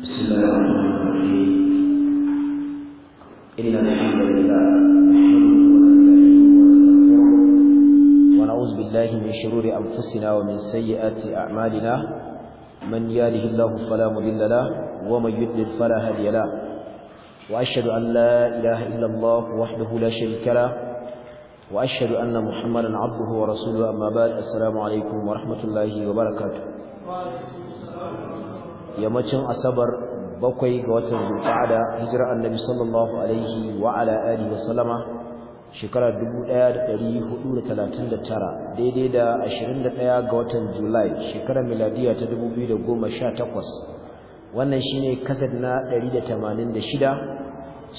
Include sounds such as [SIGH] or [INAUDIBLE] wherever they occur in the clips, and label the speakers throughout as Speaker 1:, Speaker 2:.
Speaker 1: بسم الله الرحمن الرحيم إن الحمد لله ونعوذ بالله من شرور أنفسنا ومن سيئات أعمالنا من ياله الله فلا مذل له ومن يدل فلا هادي له وأشهد أن لا إله إلا الله وحده لا شريك له وأشهد أن محمدا عبده ورسوله أما بعد السلام عليكم ورحمة الله وبركاته yammacin asabar bakwai ga watan zulqa'ada hijira annabi sallallahu alaihi wa ala alihi wa sallama shekara 1439 daidai da 21 ga watan julai shekara miladiya ta 2018 wannan shine kasad na 186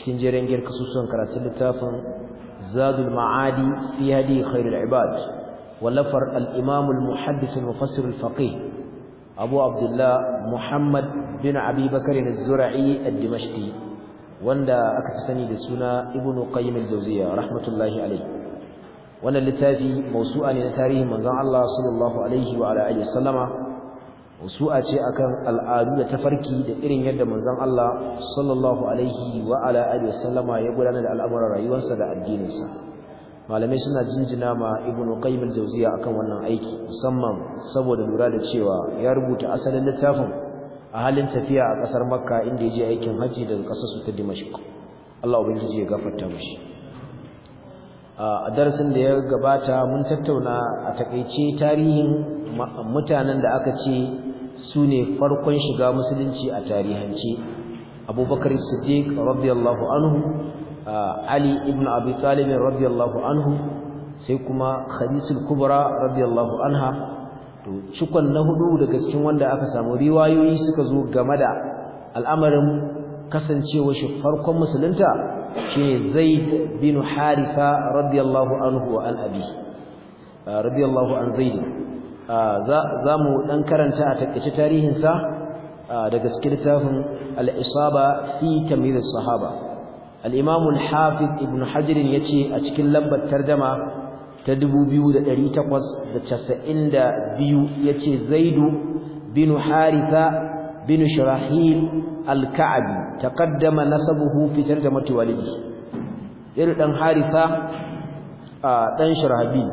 Speaker 1: cikin jerin girka susuwan karatun littafin zadul ma'adi fi hadi khairul ibad wallafar al-imam al-muhaddis al-mufassir al-faqih abu abdullah muhammad bin abi bakar az-zura'i ad-dimashqi wanda aka fi sani da suna ibn qayyim al-jawziyya rahmatullahi alayhi littafi mausu'a ne na tarihin manzon Allah sallallahu alaihi wa ala alihi sallama mausu'a ce akan al'adu da tafarki da irin yadda manzon Allah sallallahu alaihi wa ala alihi sallama ya gudanar da al'amuran rayuwarsa da addininsa malamai suna jinjina ma ibn qayyim al-jawziya akan wannan aiki musamman saboda lura da cewa ya rubuta asalin littafin a halin tafiya a kasar makka inda ya je aikin haji daga kasar su ta dimashq Allah ubangiji ya gafarta mishi a darasin da ya gabata mun tattauna a takeice tarihin mutanen da aka ce su ne farkon shiga musulunci a tarihance abubakar siddiq radiyallahu anhu ali ibn abi talib radiyallahu anhu sai kuma khadijatul kubra radiyallahu anha to cikon na hudu daga cikin wanda aka samu riwayoyi suka zo game da al'amarin kasancewa shi farkon musulunta shine zaid bin harifa radiyallahu anhu wa an abi radiyallahu an zaid za mu dan karanta a takaice tarihin sa daga cikin littafin al-isaba fi tamyiz sahaba al-imam al-hafiz ibn hajar yace a cikin lambar tarjuma ta 2892 yace zaidu bin haritha bin shurahil al-ka'bi taqaddama nasabuhu da tarjumati walidi irin dan haritha dan shurahabi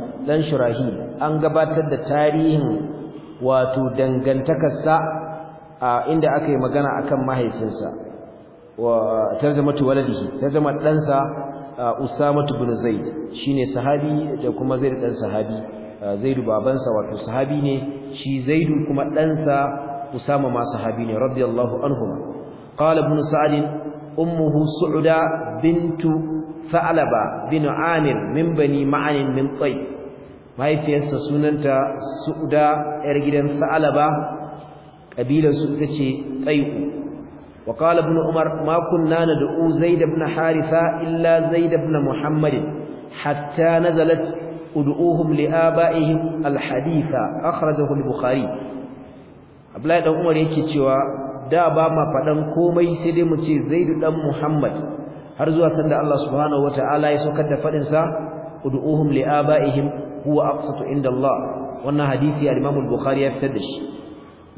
Speaker 1: shurahil an gabatar da tarihin wato dangantakarsa inda aka yi magana a kan mahaifinsa wa tarjamatu waladihi tarjama dan sa Usama ibn Zaid shine sahabi da kuma Zaid dan sahabi Zaid babansa wato sahabi ne shi Zaid kuma dan sa Usama ma sahabi ne radiyallahu anhuma qala ibn Sa'd ummuhu Su'da bintu Tha'laba bin Amir min bani Ma'an min Tay mahaifiyarsa sunanta Su'da yar gidan Tha'laba kabilar su tace Tai'u وقال ابن عمر ما كنا ندعو زيد بن حارثة إلا زيد بن محمد حتى نزلت ادعوهم لآبائهم الحديثة أخرجه البخاري Abdullahi dan Umar yake cewa da ba ma fadan komai sai dai mu ce Zaid dan Muhammad har zuwa sanda Allah subhanahu wataala ya saukar da fadin sa ud'uhum li abaihim huwa aqsatu inda Allah wannan hadisi a imam al-Bukhari ya fitar da shi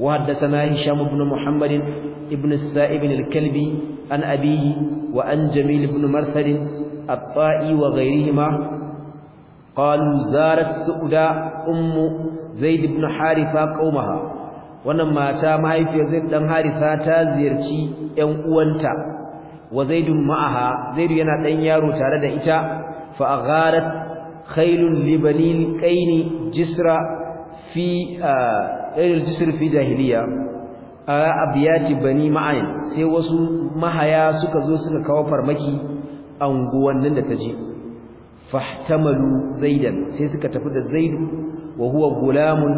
Speaker 1: وحدثنا هشام بن محمد ابن السائب الكلبي عن أبيه وعن جميل بن مرثد الطائي وغيرهما قالوا زارت سؤدا أم زيد بن حارثة قومها wannan mata mahaifiyar Zaid dan ta ziyarci 'yan uwanta wa Zaidun ma'aha Zaidu yana ɗan yaro tare da ita fa agharat khailun libani jisra fi ɗayar jisir fi jahiliya a abiyati bani ma'ayin sai wasu mahaya suka zo suka kawo farmaki anguwannin da ta je fahtamalu zaidan sai suka tafi da zaidu wa huwa gulamun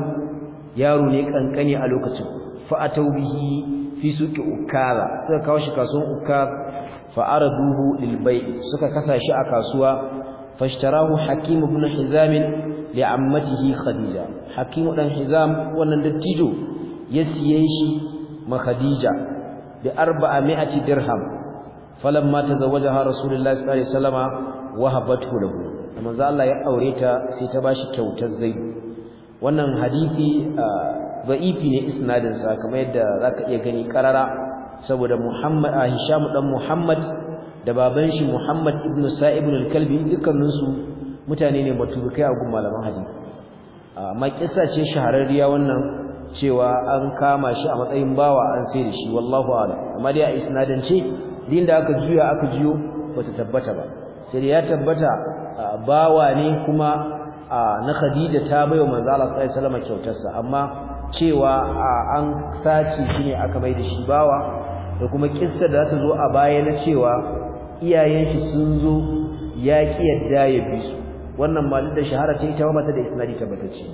Speaker 1: yaro ne kankani a lokacin fa'atau bihi fi suki ukara suka kawo shi kasuwan uka fa'araduhu lil bai' suka kasa shi a kasuwa fashtarahu hakim ibn hizamin li ammatihi khadija hakimu dan hizam wannan dattijo ya siye shi ma khadija bi 400 dirham falamma tazawwajaha rasulullahi sallallahu alaihi wasallama wahabathu lahu manzo Allah ya aure ta sai ta bashi kyautar zai wannan hadisi da'ifi ne isnadin sa kamar yadda zaka iya gani karara saboda Muhammad Hisham dan Muhammad da baban shi Muhammad ibn Sa'ib al-Kalbi dukkaninsu mutane ne matubukai a gun malaman hadisi amma ce shahararriya wannan cewa an kama shi a matsayin bawa an sai da shi wallahu a'lam amma dai a isnadance din da aka juya aka jiyo bata tabbata ba sai ya tabbata bawa ne kuma na Khadija ta baiwa manzo Allah sallallahu alaihi wasallam kyautarsa amma cewa an sace shi ne aka bai da shi bawa da kuma kissa da ta zo a baya na cewa iyayen shi sun zo ya ki yadda ya bi su wannan malin da shahara ta ita mata da isnadi tabbatacce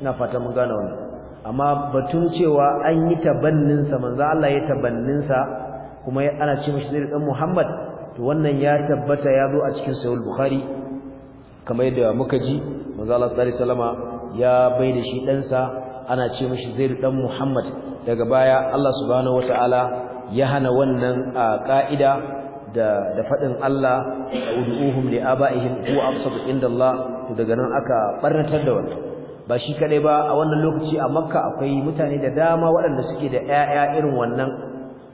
Speaker 1: ina fata mun gane wannan amma batun cewa an yi tabannin sa manzo Allah ya tabannin sa kuma ana ce mishi zai dan Muhammad to wannan ya tabbata ya zo a cikin sahih bukhari kamar yadda muka ji manzo Allah sallallahu alaihi wasallama ya bai da shi dan sa ana ce mishi zai dan Muhammad daga baya Allah subhanahu wataala ya hana wannan a ka'ida da da fadin Allah ud'uhum li abaihim huwa absatu indallah to daga nan aka barnatar da wannan ba shi kadai ba a wannan lokaci a Makka akwai mutane da dama waɗanda suke da ƴaƴa irin wannan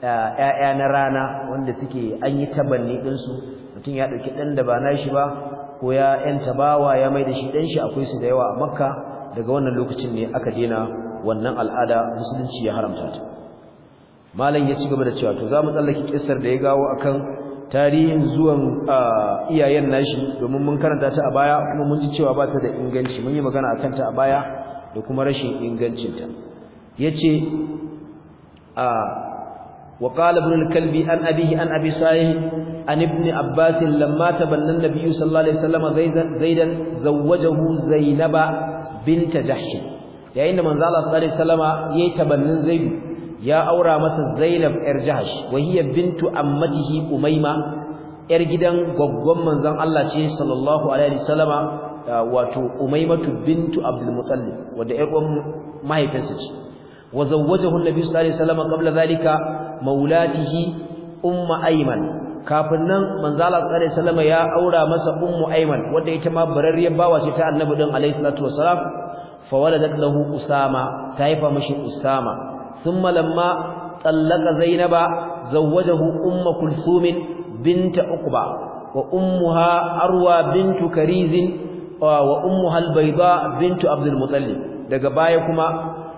Speaker 1: eh, ƴaƴa na rana wanda suke an yi tabanni din su mutum ya dauki dan da ba nashi ba ko ya bawa ya mai da shi dan shi akwai su da yawa a Makka daga wannan lokacin ne aka dena wannan al'ada musulunci ya haramta ta malam ya ci gaba da cewa to za mu tsallake kissar da ya gawo akan tarihin zuwan iyayen nashi domin mun karanta ta a baya kuma mun ji cewa ba ta da inganci mun yi magana akan ta a baya da kuma rashin ingancinta yace a wa qala ibn al-kalbi an abihi an abi sa'id an ibn abbas lamma tabanna nabi sallallahu alaihi wasallam zaidan zaidan zawwajahu zainaba bint jahsh yayin da manzo Allah sallallahu alaihi yi yayi tabannin zaidu ya aura masa Zainab ƴar Jahash wa bintu ammatihi Umayma Ƴar gidan gaggon manzon Allah ce sallallahu alaihi wasallama wato Umaymatu bintu Abdul Muttalib wanda yar uwan mahaifinsa ce wa zawwajahu Annabi sallallahu alaihi wasallama qabla zalika maulatihi Umma Ayman kafin nan manzo Allah sallallahu alaihi wasallama ya aura masa Ummu Ayman wanda ita ma bararriyar bawa ce ta Annabi din alaihi salatu wasalam fa waladat lahu Usama ta haifa mashi Usama ثم لما طلق زينب زوجه أم كلثوم بنت أقبى وأمها أروى بنت كريز وأمها البيضاء بنت عبد المطلب daga baya kuma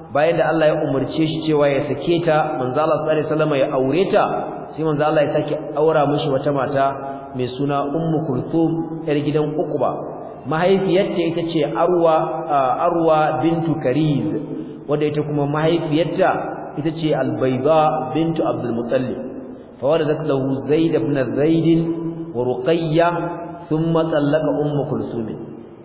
Speaker 1: bayan da Allah ya umarce shi cewa ya sake ta manzo Allah sallallahu alaihi wasallam ya aure ta sai manzo Allah ya sake aura mishi wata mata mai suna Ummu Kulthum yar gidan mahaifiyar mahaifiyarta ita ce Arwa Arwa bintu Kariz wanda ita kuma mahaifiyarta ita ce albaiba bintu abdul muttalib da waladat lahu zaid ibn zaid wa ruqayya thumma tallaka ummu kulsum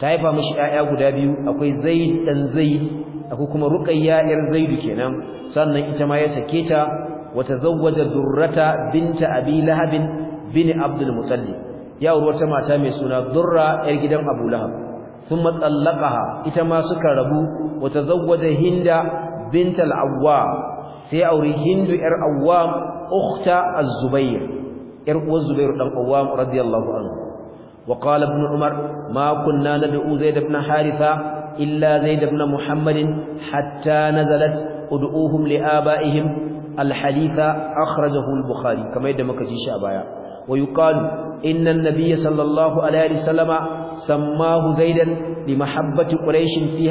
Speaker 1: ta haifa mishi ƴaƴa guda biyu akwai zaid dan zaid akwai kuma ruqayya yar zaid kenan sannan ita ma ya sake ta wa tazawwaja durrata binta abi lahab bin abdul ya auri wata mata mai suna durra yar gidan abu lahab ثم طلقها ita ma suka rabu wata zawwaja hinda bint al-awwa sai aure hindu yar awwam ukhta az-zubair yar uwar zubair dan awwam radiyallahu anhu wa qala ibn umar ma kunna nad'u zaid ibn haritha illa zaid ibn muhammadin hatta nazalat ud'uhum li abaihim al-halitha akhrajahu al-bukhari kamar yadda muka ji shi a baya wa yuqalu إن النبي صلى الله عليه وسلم سماه زيدا لمحبة قريش في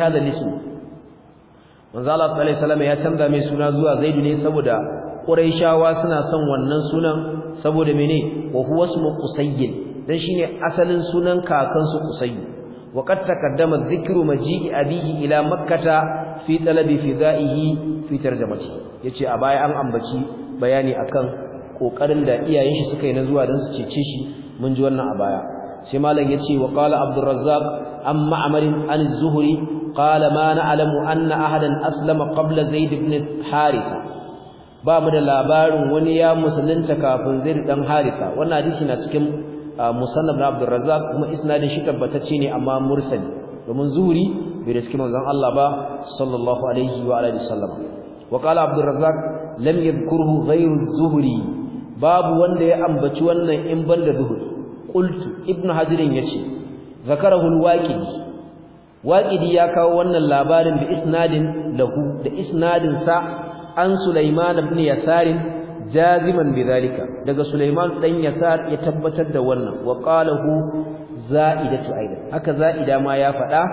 Speaker 1: manzo Allah sallallahu alaihi wasallam ya canza mai suna zuwa Zaidu ne saboda Qurayshawa suna son wannan sunan saboda mene wa huwa ismu Qusayy dan shine asalin sunan kakansu Qusayy wa qad taqaddama dhikru maji'i abihi ila makkata fi talabi fidaihi fi tarjamati yace a baya an ambaci bayani akan kokarin da iyayen shi suka yi na zuwa dan su cece shi mun ji wannan a baya sai malam yace wa qala Razzaq amma amarin an zuhuri قال ما نعلم أن أحدا أسلم قبل زيد بن Ba bamu da labarin wani ya musulunta kafin Zaid dan Haritha wannan hadisi na cikin musannad na Abdul Razzaq kuma isnadin shi tabbatacce ne amma mursali domin zuhuri bai riski manzon Allah ba sallallahu alaihi wa alihi wasallam wa qala Abdul Razzaq lam yadhkurhu ghayru zuhri babu wanda ya ambaci wannan in banda zuhri qultu ibnu hajirin yace zakarahu al-waqidi waqidi ya kawo wannan labarin bi isnadin lahu da isnadin sa an Sulaiman ibn Yasar jaziman bidhalika daga Sulaiman dan Yasar ya tabbatar da wannan wa qalahu za'idatu aidan haka za'ida ma ya faɗa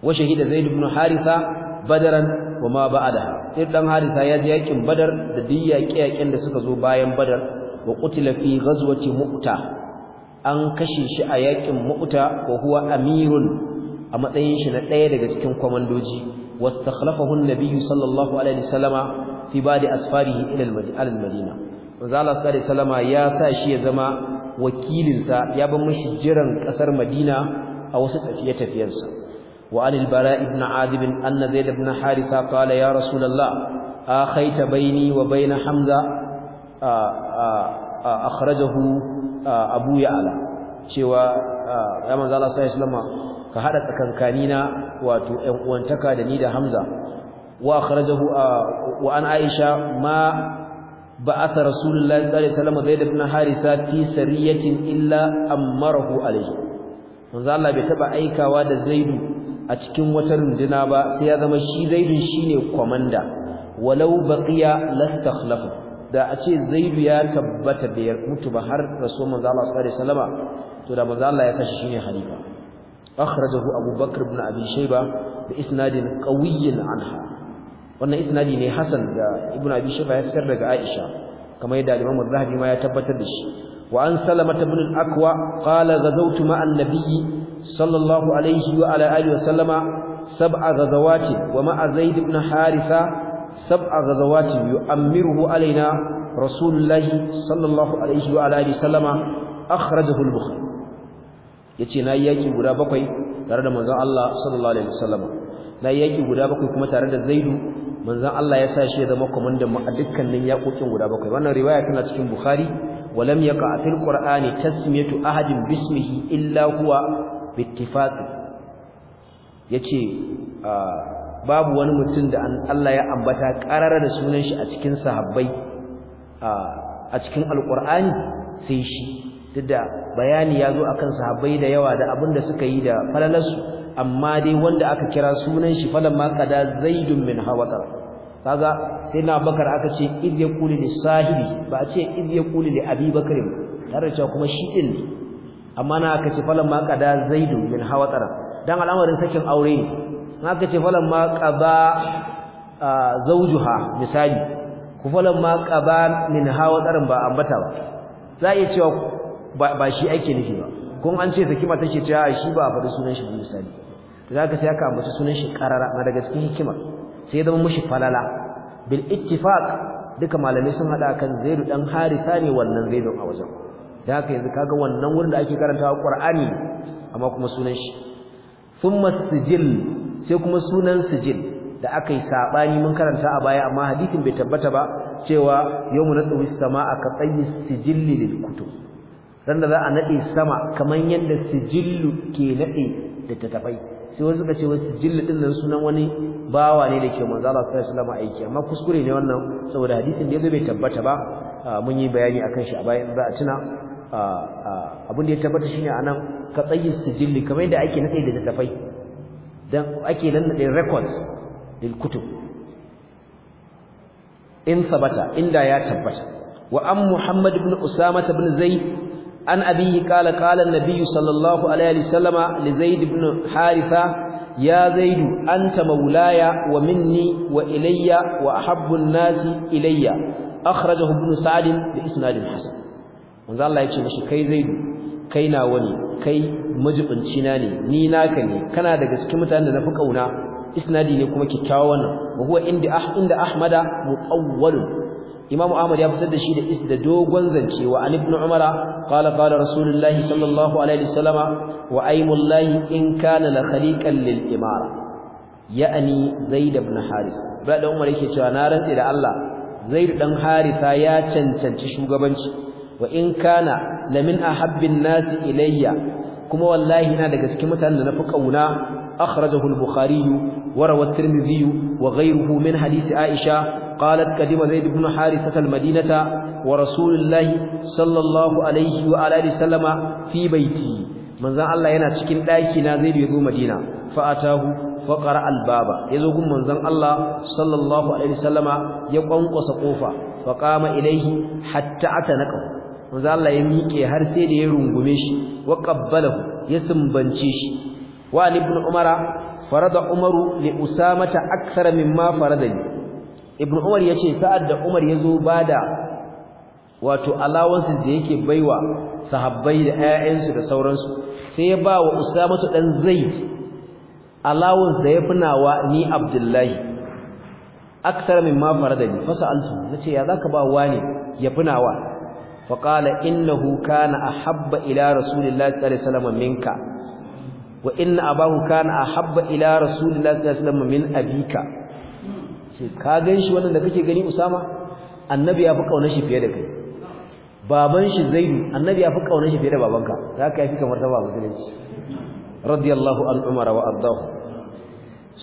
Speaker 1: wa shahida Zaid ibn Haritha badaran wa ma ba'ada. sai dan Haritha ya ji yakin Badar da diyaki yakin da suka zo bayan Badar wa qutila fi ghazwati Mu'ta an kashe shi a yakin Mu'ta ko huwa amirun a matsayin shi na ɗaya daga cikin kwamandoji wastakhlafahu an-nabiy sallallahu alaihi wasallama fi ba'di asfarihi ila al-madina manzo Allah sallallahu alaihi wasallama ya sa shi ya zama wakilinsa ya ban mishi jiran kasar Madina a wasu tafiye-tafiyensa wa anil bara ibn adib anna zaid ibn haritha qala ya rasulullah akhaita baini wa bain hamza akhrajahu abu ya'la cewa ya manzo Allah sallallahu alaihi wasallama ka hada tsakankani na wato ƴan uwantaka da ni da Hamza wa kharajahu wa an Aisha ma ba'atha Rasulullahi sallallahu alaihi wasallam Zaid ibn Harisa fi sariyatin illa amarahu alaihi manzo Allah bai taba aikawa da Zaidu a cikin wata runduna ba sai ya zama shi Zaidun shine komanda walau baqiya lastakhlafu da a ce Zaidu ya tabbata bai mutu ba har Rasuwar manzo sallallahu alaihi to da manzo Allah ya kashi shine halifa أخرجه أبو بكر بن أبي شيبة بإسناد قوي عنها وأن إسناد حسن ابن أبي شيبة يفسر لك عائشة كما يدعى الإمام الذهبي ما يتبت دش وأن سلمة بن الأكوى قال غزوت مع النبي صلى الله عليه وعلى آله وسلم سبع غزوات ومع زيد بن حارثة سبع غزوات يؤمره علينا رسول الله صلى الله عليه وعلى آله وسلم أخرجه البخاري yace nayi yaki guda bakwai tare da manzon Allah sallallahu alaihi wasallam nayi yaki guda bakwai kuma tare da Zaidu manzon Allah ya sa shi ya zama kwamandan mu a dukkanin yakokin guda bakwai wannan riwaya tana cikin Bukhari walam yaqa fil qur'ani tasmiyatu ahadin bismihi illa huwa bittifaq yace ah, babu wani mutum da Allah ya ambata karara da sunan shi a cikin sahabbai ah, a cikin alqur'ani sai shi duk da bayani ya zo akan sahabbai da yawa da abin da suka yi da falalarsu amma dai wanda aka kira sunan shi falan ma kada zaidun min hawatar kaga sai na bakar aka ce id yaquli li sahibi ba a ce id yaquli li abi bakr tare cewa kuma shi din amma na aka ce falan ma kada zaidun min hawatar dan al'amarin sakin aure ne na aka ce falan ma qaba zawjuha misali ku falan ma qaba min hawatarin ba ambata ba za a iya cewa ba shi ake nufi ba kun an ce saki mata ce cewa shi ba faɗi sunan shi sani, to zaka sai aka ambaci sunan shi karara na daga cikin hikima sai zama mushi falala bil ittifaq duka malamai sun hada kan zaidu dan harisa ne wannan zaidu a wajen da ka yanzu kaga wannan wurin da ake karantawa qur'ani amma kuma sunan shi thumma sijil sai kuma sunan sijil da aka yi sabani mun karanta a baya amma hadisin bai tabbata ba cewa yawmu bis samaa ka tsayi sijilli lil kutub dan da za a nade sama kamar yadda sijillu ke nade da tatabai sai wasu suka ce wasu sijillu din nan sunan wani bawa ne da ke manzo Allah sallallahu alaihi wasallam aiki amma kuskure ne wannan saboda hadisin da yazo bai tabbata ba mun yi bayani akan shi a bayan za a tuna abin da ya tabbata shine anan ka tsayi sijillu kamar yadda ake nade da tatabai dan ake nade records lil kutub in sabata inda ya tabbata wa an muhammad ibn usama ibn zaid an abihi qala qala nabiyyu nabiy sallallahu alaihi wasallama li zaid ibn haritha ya zaid anta maulaya wa minni wa ilayya wa ahabbu an-nas ilayya akhrajahu ibn sa'd bi isnad hasan manzo Allah yace mishi kai zaid kai nawa ne kai majibinci na ne ni naka ne kana daga cikin mutanen da nafi kauna isnadi ne kuma kyakkyawa wannan wa huwa inda inda ahmada muqawwalun imamu ahmad ya fitar da shi da is da dogon zance wa an ibn qala qala rasulullahi sallallahu alaihi wasallama wa aymullahi in kana la khaliqan lil imara ya'ani zaid ibn harith ibn umar yake cewa na rantsi da Allah zaid dan harisa ya cancanci shugabanci wa in kana lamin ahabbin nasi ilayya kuma wallahi ina daga cikin mutanen da na fi kauna akhrajahu al-bukhari wa rawa at-tirmidhi wa ghayruhu min hadisi aisha قالت قدم زيد بن حارثة المدينة ورسول الله صلى الله عليه وعلى اله وسلم في بيتي manzon Allah yana cikin daki na zai yazo Madina fa atahu fa qara albaba yazo gun manzon Allah sallallahu alaihi wasallama ya kwankwasa kofa fa qama ilaihi hatta atanaka manzon Allah ya miƙe har sai da ya rungume shi wa qabbalahu ya sumbance shi wa ibn umara farada umaru li usamata akthara mimma farada li ibnu umar yace sa'ad da umar yazo bada wato allowances da yake baiwa sahabbai da ƴaƴansu da sauransu sai ya ba wa usamatu dan zaid allowance da yafi nawa ni abdullahi akthar mimma faradani fasaltu nace ya zaka ba wani yafi nawa fa qala innahu kana ahabba ila rasulillahi sallallahu alaihi wasallam minka wa inna abahu kana ahabba ila rasulillahi sallallahu alaihi wasallam min abika ce ka gan shi wannan da kake gani usama annabi ya fi kaunar shi fiye da kai baban shi zaidu annabi ya fi kaunar shi fiye da babanka za ka yafi kamar ta ba musulunci radiyallahu an umara wa ardahu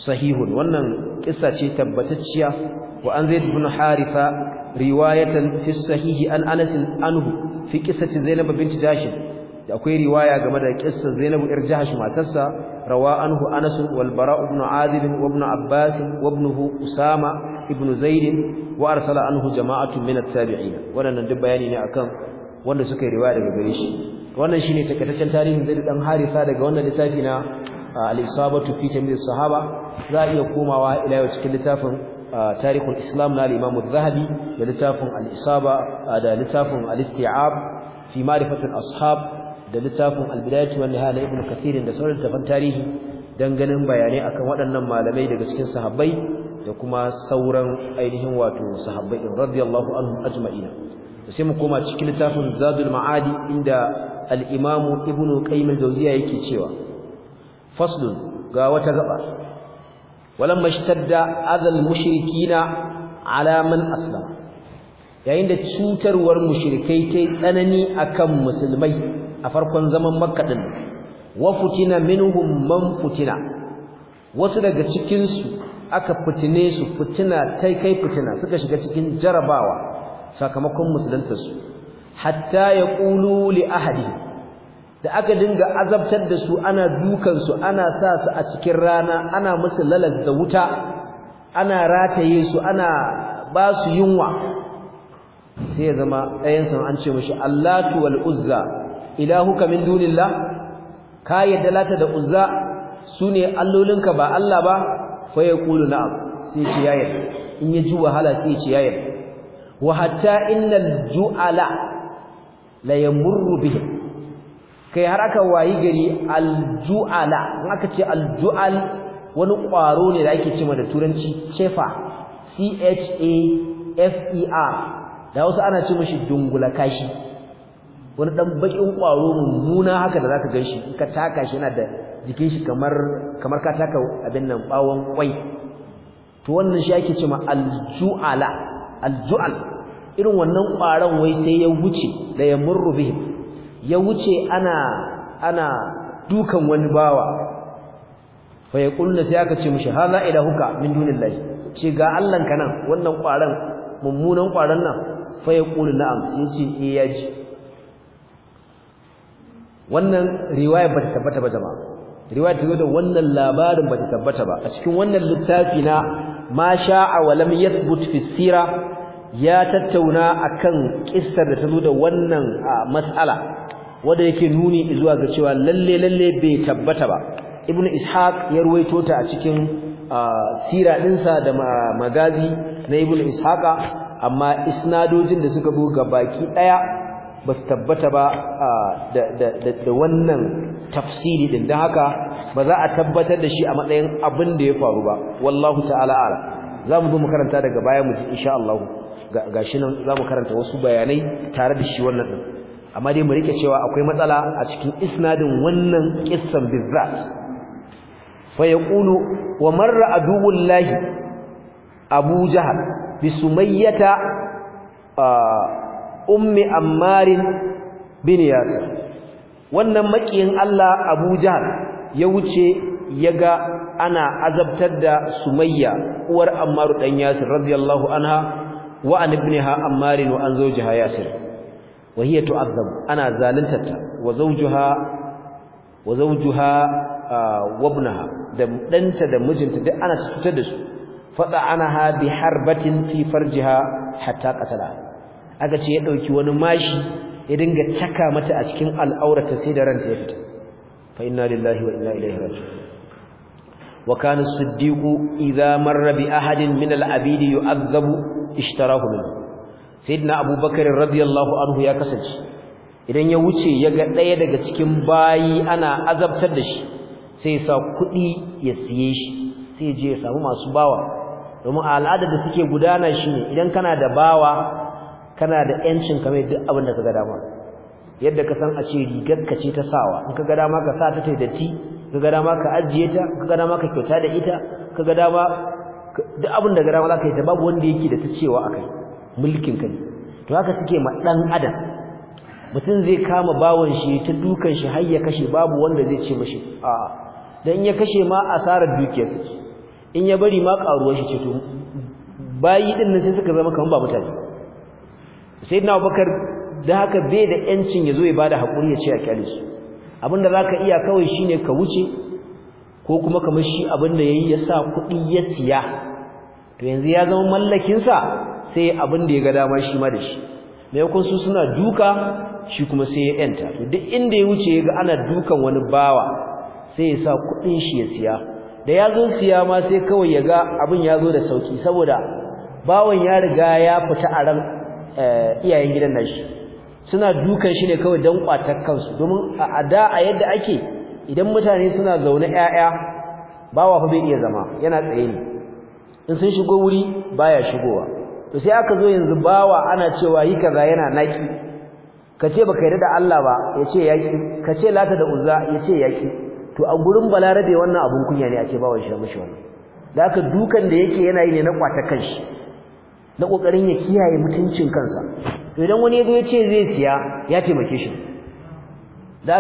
Speaker 1: sahihun wannan kissa ce tabbatacciya wa an zaid ibn harifa riwayatan fi sahihi an anas anhu fi qissati zainab bint jahsh akwai riwaya game da qissar zainab ir jahsh matarsa rawa anhu Anas wal Bara ibn Azib wa Abbas wa ibnuhu Usama ibn Zaid wa arsala anhu jama'atun min at-tabi'in ne akan wanda suka yi riwaya daga gare shi wannan shine takaitaccen tarihin Zaid dan Harisa daga wannan littafi na al-isabatu fi jami'i sahaba za a iya komawa ila yau cikin littafin tarihul islam na al-imam zahabi da littafin al-isaba da littafin al-isti'ab fi ma'rifatul ashab da littafin albidayatu wani nihaya na ibn kathir da sauran littafan tarihi dan ganin bayanai akan waɗannan malamai daga cikin sahabbai da kuma sauran ainihin wato sahabbai radiyallahu anhum ajma'ina sai mu koma cikin littafin zadul ma'adi inda al-imamu ibn qayyim al-jawziya yake cewa faslun ga wata gaba walamma shtadda adal mushrikina ala man aslama yayin da cutarwar mushrikai tai tsanani akan musulmai a farkon zaman makka din wa futina minhum man futina wasu daga cikin su aka fitine su fitina kai kai fitina suka shiga cikin jarabawa sakamakon musulunta su hatta yaqulu li ahadi da aka dinga azabtar da su ana dukan su ana sa su a cikin rana ana musu lalas da wuta ana rataye su ana ba su yunwa sai ya zama ɗayan sun an ce mushi Allatu wal Uzza ilahuka min dunillah ka yadda lata da uzza sune allolinka ba Allah ba fa yaqulu na'am sai ce yayin in ya ji wahala sai ce yayin wa hatta innal ju'ala la yamurru bihi kai har aka wayi gari aljuala in aka ce aljual wani ƙwaro ne da ake cewa da turanci chefa c h a f e r da wasu ana ce mishi dungula kashi wani dan bakin kwaro mummuna haka da zaka ganshi in ka taka shi yana da jikin shi kamar kamar ka taka abin nan bawon kwai to wannan shi ake cewa aljuala aljual irin wannan kwaron wai sai ya wuce da ya murru bihi ya wuce ana ana dukan wani bawa fa ya kullu sai aka ce mishi hala ilahuka min dunillahi ce ga Allahnka nan wannan kwaron mummunan kwaron nan fa ya kullu na'am sai ce eh yaji wannan riwaya bata tabbata ba jama'a riwaya ta da wannan labarin bata tabbata ba a cikin wannan littafi na ma sha'a wa lam yathbut fi sira ya tattauna akan kissar da ta zo da wannan mas'ala wanda yake nuni zuwa ga cewa lalle lalle bai tabbata ba ibnu ishaq ya ruwaito ta a cikin sira dinsa da magazi na ibnu ishaqa amma isnadojin da suka ga baki daya ba su tabbata ba da wannan tafsiri din don haka ba za a tabbatar da shi a matsayin abin da ya faru ba wallahu ta'ala ala za mu zo mu karanta daga baya mu ji insha ga shi nan za mu karanta wasu bayanai tare da shi wannan din amma dai mu rike cewa akwai matsala a cikin isnadin wannan kissan bizzat fa yaqulu wa marra aduwullahi abu jahal bi ummi ammarin bin yasir wannan makiyin Allah Abu Jahl ya wuce yaga ana azabtar da Sumayya uwar Ammaru dan Yasir radiyallahu anha wa an ibnaha Ammar wa an zawjaha Yasir wa hiya tu'azzab ana zaluntarta wa zawjuha wa zawjuha wa ibnaha da danta da mijinta duk ana cutar da su fada anaha bi harbatin fi farjiha hatta qatala aka ce ya dauki wani mashi ya dinga caka mata a cikin al'aurata sai da ranta ya fita fa inna lillahi wa inna ilaihi raji'un wa kana as-siddiqu idha marra bi ahadin min al-abidi yu'adhabu ishtarahu min sayyidina abubakar radiyallahu anhu ya kasance idan ya wuce ya ga ɗaya daga cikin bayi ana azabtar da shi sai sa kuɗi ya siye shi sai je ya samu masu bawa domin al'adar da suke gudana shine, idan kana da bawa kana da yancin kamar duk abin da ka ga dama yadda ka san a ce rigar ka ce ta sawa in ka ga dama ka sa ta tai datti ka ga dama ka ajiye ta ka ga dama ka kyauta da ita ka ga dama duk abin da ga dama za ka yi ta babu wanda yake da ta cewa akai mulkin ka ne to haka suke ma dan adam mutum zai kama bawon shi ta dukan shi har ya kashe babu wanda zai ce mishi a'a dan ya kashe ma asarar dukiyar ta in ya bari ma karuwar shi ce to bayi din nan sai suka zama kamar ba mutane sayyidina abubakar da haka bai da yancin ya zo ya bada hakuri ya ce a kyale su abinda zaka iya kawai shine ka wuce ko kuma kamar shi abinda yayi ya sa kuɗi ya siya to yanzu ya zama mallakin sa sai abinda ya ga dama shi ma da shi maimakon su suna duka shi kuma sai ya yanta to duk inda ya wuce ya ga ana dukan wani bawa sai ya sa kuɗin shi ya siya da ya zo siya ma sai kawai ya ga abin ya zo da sauki saboda bawan ya riga ya fita a ran Eh, iyayen gidan nashi suna dukan shi ne kawai don kwatar kansu domin a da a yadda ake idan mutane suna zaune 'ya'ya ba wa bai iya zama yana tsaye ne in sun shigo wuri baya shigowa to sai aka zo yanzu bawa ana cewa yi kaza yana naki ba baka yarda da Allah ba yace yaki ce lata da uzza yace yaki to a gurin balarabe wannan abun kunya ne a ce bawa shi mishi wannan da aka dukan da yake yana yi ne na kwatar kanshi na kokarin ya kiyaye mutuncin kansa to idan wani ya ce zai siya ya taimake shi da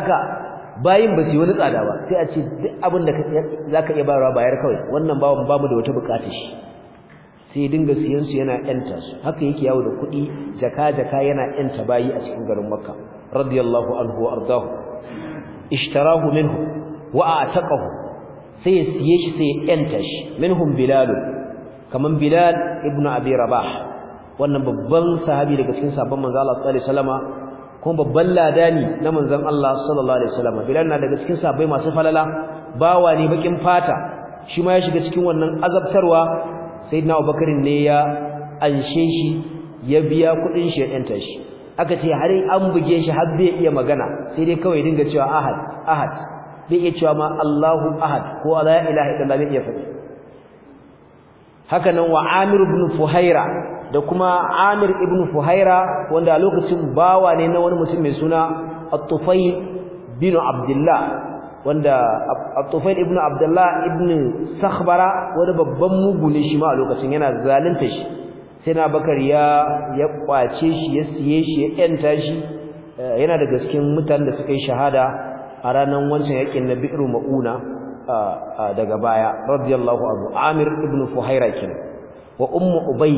Speaker 1: bayin ba su yi wani tsada ba sai a ce duk abin da za ka iya bayarwa bayar kawai wannan babu ba mu da wata bukata shi sai dinga siyan su yana yanta su haka yake yawo da kuɗi jaka jaka yana yanta bayi a cikin garin makka radiyallahu anhu wa ardahu ishtarahu minhu wa ataqahu sai ya siye shi sai ya yanta shi minhum bilal kaman Bilal ibn Abi Rabah wannan babban sahabi daga cikin sahabban manzo Allah sallallahu alaihi wasallam kuma babban ladani na manzon Allah sallallahu alaihi wasallam Bilal na daga cikin sahabbai masu falala bawa ne bakin fata shi ma ya shiga cikin wannan azabtarwa sayyidina Abubakar ne ya anshe shi ya biya kudin shi ya yanta shi aka ce har an buge shi har bai iya magana sai dai kawai dinga cewa ahad ahad bai iya cewa ma Allahu ahad ko la ilaha illallah bai iya faɗi haka nan wa Amir ibn Fuhaira da kuma Amir ibn Fuhaira wanda a lokacin bawa ne na wani mutum mai suna at tufail bin Abdullah wanda at tufail ibn Abdullah ibn Sakhbara wani babban mugu ne shi ma a lokacin yana zalunta shi sai na Bakar ya ya kwace shi ya siye shi ya yanta shi eh, yana da cikin mutanen da suka yi shahada a ranar wancan yakin na Bi'r Mauna daga baya radiyallahu anhu amir ibn fuhaira kenan wa ummu Ubay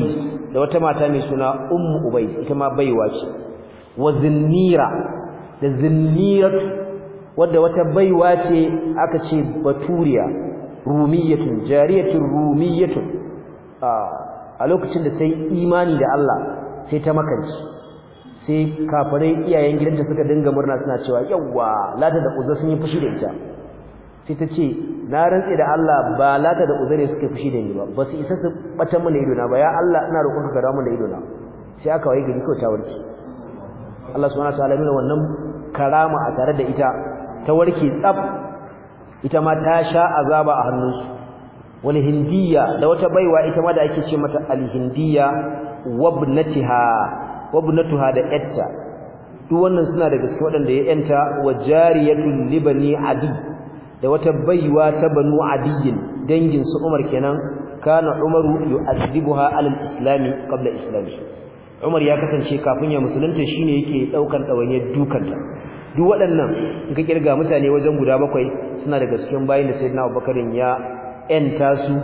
Speaker 1: da wata mata mai suna ummu Ubay ita ma baiwa ce wa zinnira da zinnira wadda wata baiwa ce aka ce baturiya rumiyatun jariyatun rumiyatun a lokacin da sai imani da Allah sai ta makanci sai kafirai iyayen gidanta suka dinga murna suna cewa yawwa lata da kuzo sun yi fushi da ita sai ta ce na rantse da Allah ba lata da uzare suke fushi da ni ba ba su isa su bata mana ido na ba ya Allah ina roƙon ka dawo mana ido na sai aka waye gari ko ta warke Allah subhanahu ta'ala ya wannan karama a tare da ita ta warke tsaf ita ma ta sha azaba a hannunsu wani hindiya da wata baiwa ita ma da ake ce mata alhindiya wabnatiha wabnatuha da yatta duk wannan suna daga cikin waɗanda ya yanta wa jariyatul libani adi da wata baiwa ta banu adiyin dangin su umar kenan kana umaru yu'azzibuha alal islami qabla islami umar ya kasance kafin ya musulunta shine yake daukan dawainiyar dukanta duk waɗannan in ka kirga mutane wajen guda bakwai suna daga cikin bayin da sayyidina abubakar ya enta su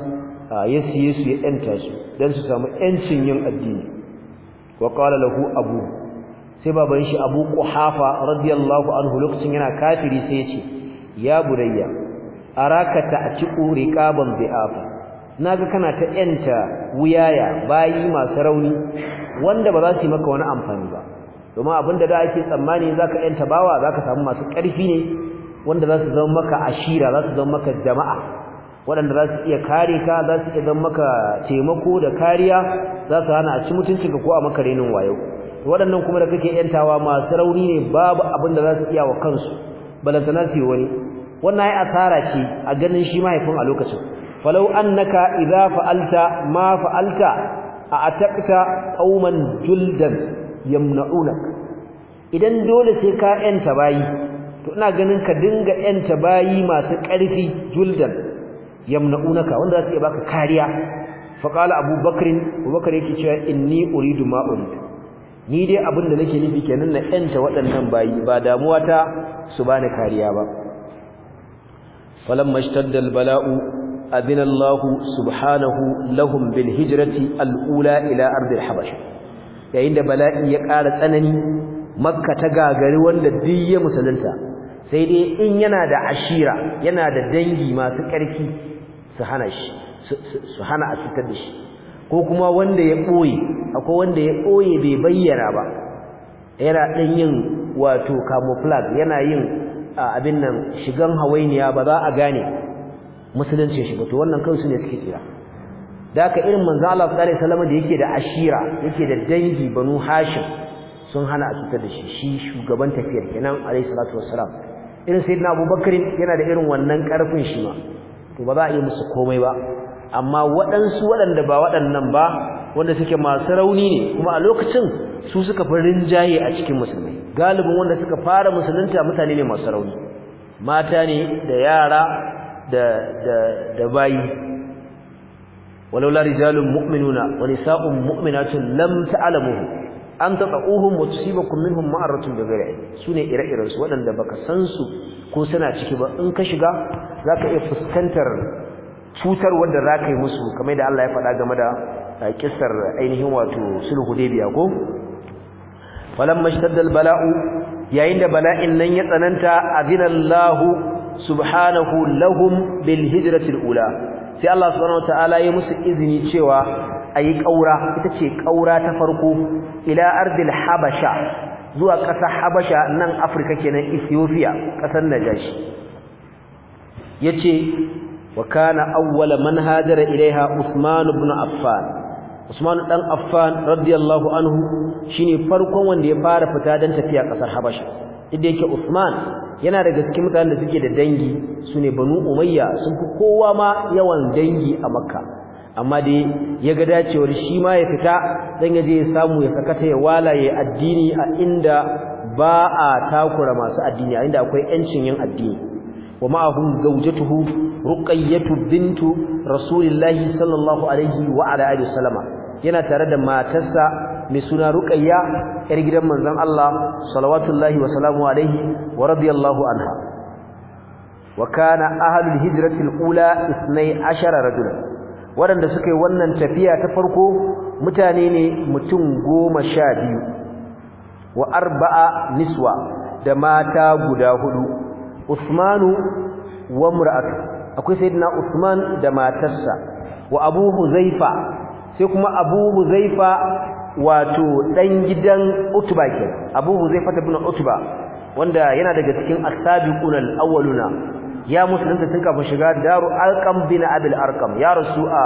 Speaker 1: ya siye su ya enta su dan su samu yancin yin addini wa qala lahu abu sai baban shi abu quhafa radiyallahu anhu lokacin yana kafiri sai ya ce ya burayya araka ta'tiqu riqaban bi'afa naga kana ta yanta wuyaya bayi masu rauni wanda ba za su yi maka wani amfani ba domin abinda da ake tsammani zaka yanta bawa zaka samu masu ƙarfi ne wanda za su zama maka ashira za su zama maka jama'a waɗanda za su iya kare ka za su iya zama maka taimako da kariya za su hana a ci ka ko a maka renin wayo waɗannan kuma da kake yantawa masu rauni ne babu abin da za su iya wa kansu balantana su wani wannan ai asara ce a ganin shi mahaifin a lokacin falau annaka idza fa'alta ma fa'alta a atakta qauman juldan yamna'unak idan dole sai ka yanta bayi to ina ganin ka dinga yanta bayi masu ƙarfi juldan yamna'unaka wanda za su iya baka kariya faqala abubakar abubakar yake cewa inni uridu ma ni dai abin da nake nufi kenan na yanta waɗannan bayi ba damuwa ta su bani kariya ba falamma ishtadda albala'u adina Allah subhanahu lahum bil hijrati alula ila ardil habasha yayin da bala'i ya ƙara tsanani makka ta gagari wanda duk ya musulunta sai dai in yana da ashira yana da dangi masu ƙarfi su hana shi su hana a fitar da shi ko kuma wanda ya ɓoye akwai wanda ya ɓoye bai bayyana ba yana ɗan yin wato camouflage yana yin abin nan shigan hawainiya ba za a gane musulunci shi ba to wannan kansu ne suke tsira da aka irin manzo Allah sallallahu alaihi wasallam da yake da ashira yake da dangi banu hashim sun hana a cutar da shi shi shugaban tafiyar kenan alaihi salatu wassalam irin sayyidina abubakar yana da irin wannan karfin shi ma to ba za a yi musu komai ba amma waɗansu waɗanda ba waɗannan ba wanda suke masu rauni ne kuma a lokacin su suka fi rinjaye a cikin musulmai galibin wanda suka fara musulunta mutane ne masu rauni mata ne da yara da da da bayi walaula rijalun mu'minuna wa nisa'un mu'minatun lam ta'lamuhu an tata'uhum wa tusibakum minhum ma'aratun Su sune ire-iren su waɗanda baka san su ko suna ciki ba in ka shiga zaka iya fuskantar Cutarwar da za ka yi musu kamar da Allah ya faɗa game da kisar ainihin wato sulhu hudaybiya ko falamma shadda bala'u yayin da bala'in nan ya tsananta azina Allah subhanahu lahum bil hijratil ula sai Allah subhanahu ta'ala ya musu izini cewa ayi ƙaura. ita ce ƙaura ta farko ila ardil habasha zuwa ƙasar habasha nan Afirka kenan Ethiopia ƙasar Najashi yace وكان أول awwala هاجر إليها ilaiha بن Affan Usman dan Affan radiyallahu anhu shine farkon wanda ya fara fita dan tafiya kasar Habasha inda yake Usman yana daga cikin mutanen da suke da dangi sune Banu Umayya sun fi kowa ma yawan dangi a Makka amma dai ya ga dacewar shi ma ya fita dan ya je ya samu ya sakata ya walaye addini a inda ba a takura masu addini a inda akwai yancin yin addini ومعه زوجته رقية بنت رسول الله صلى الله عليه وعلى آله وسلم yana tare da matarsa mai suna Ruqayya yar gidan manzon Allah salawatullahi wa anha wa ahlul hijratil ula 12 rajulan wadanda suka yi wannan tafiya ta farko mutane ne mutum biyu. wa arba'a niswa da mata guda hudu usmanu wa mur'atu akwai sayyidina usman da matarsa wa abu huzaifa sai kuma abu huzaifa wato ɗan gidan utba ke abu huzaifa ibn utba wanda yana daga cikin as-sabiquna al-awwaluna ya musulunta tun kafin shiga daru alqam bin abil arqam ya rasu a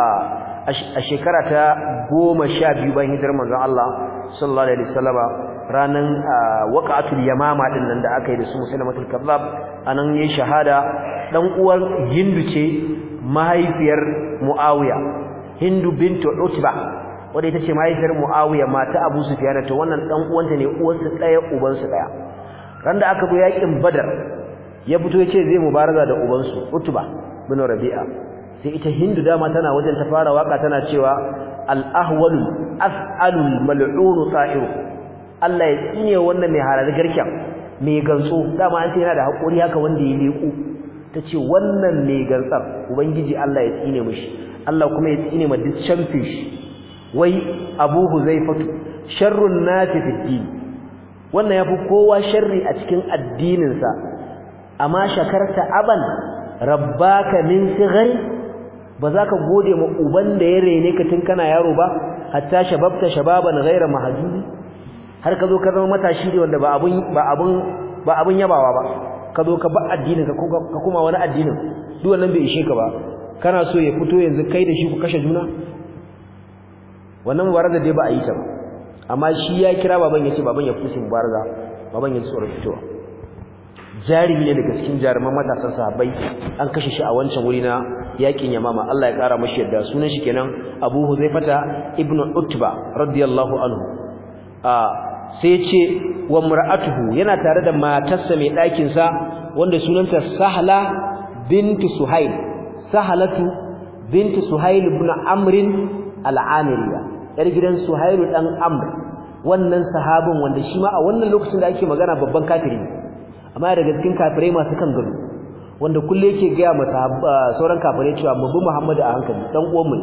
Speaker 1: a shekara ta goma sha biyu bayan hijirar manzon Allah sallallahu alaihi wasallama ranan waqatul yamama din nan da aka yi da su musulmatul kazzab anan yi shahada dan uwar hindu ce mahaifiyar muawiya hindu bintu utba wanda ita ce mahaifiyar muawiya mata abu sufyan to wannan dan uwanta ne uwarsu daya ubansu ɗaya. ran da aka zo yakin badar ya fito ya ce zai mubaraza da ubansu utba bin rabi'a sai ita hindu dama tana wajen ta fara waka tana cewa al-ahwalu as'alul mal'unu sa'iru Allah ya tsine wannan mai harar garken mai gantso dama an ce yana da hakuri haka wanda ya leku tace wannan mai gantsar ubangiji Allah ya tsine mishi Allah kuma ya tsine ma duk champion shi wai Abu Huzaifatu sharrun nati fi din wannan yafi kowa sharri a cikin addinin sa amma shakarta aban rabbaka min sigari ba za ka gode ma uban da ya rene ka tun kana yaro ba hatta shababta shababan ghaira mahajuri har ka zo ka zama matashi ne wanda ba abun ba abun ba abun yabawa ba ka zo ka ba addinin ka ka kuma wani addinin duk wannan bai ishe ka ba kana so ya fito yanzu kai da shi ku kashe juna wannan mubaraza dai ba a yi ta ba amma shi ya kira baban ya ce baban ya fusi mubaraza baban ya tsoro fitowa jarumi ne daga cikin jaruman matasan sahabbai an kashe shi a wancan wuri na yakin yamama Allah ya kara mashi yadda sunan shi kenan Abu Huzaifata ibn Utba radiyallahu anhu a sai ya ce wa mar'atuhu yana tare da matarsa mai ɗakin sa wanda sunanta Sahla bint Suhail Sahlatu bint Suhail ibn Amr al-Amiriya yar gidan Suhail dan Amr wannan sahabin wanda shi ma a wannan lokacin da ake magana babban kafiri ne amma daga cikin kafirai masu kan gudu wanda kullum yake gaya masa ah, sauran kafirai cewa mu bi Muhammadu a hankali dan uwan mu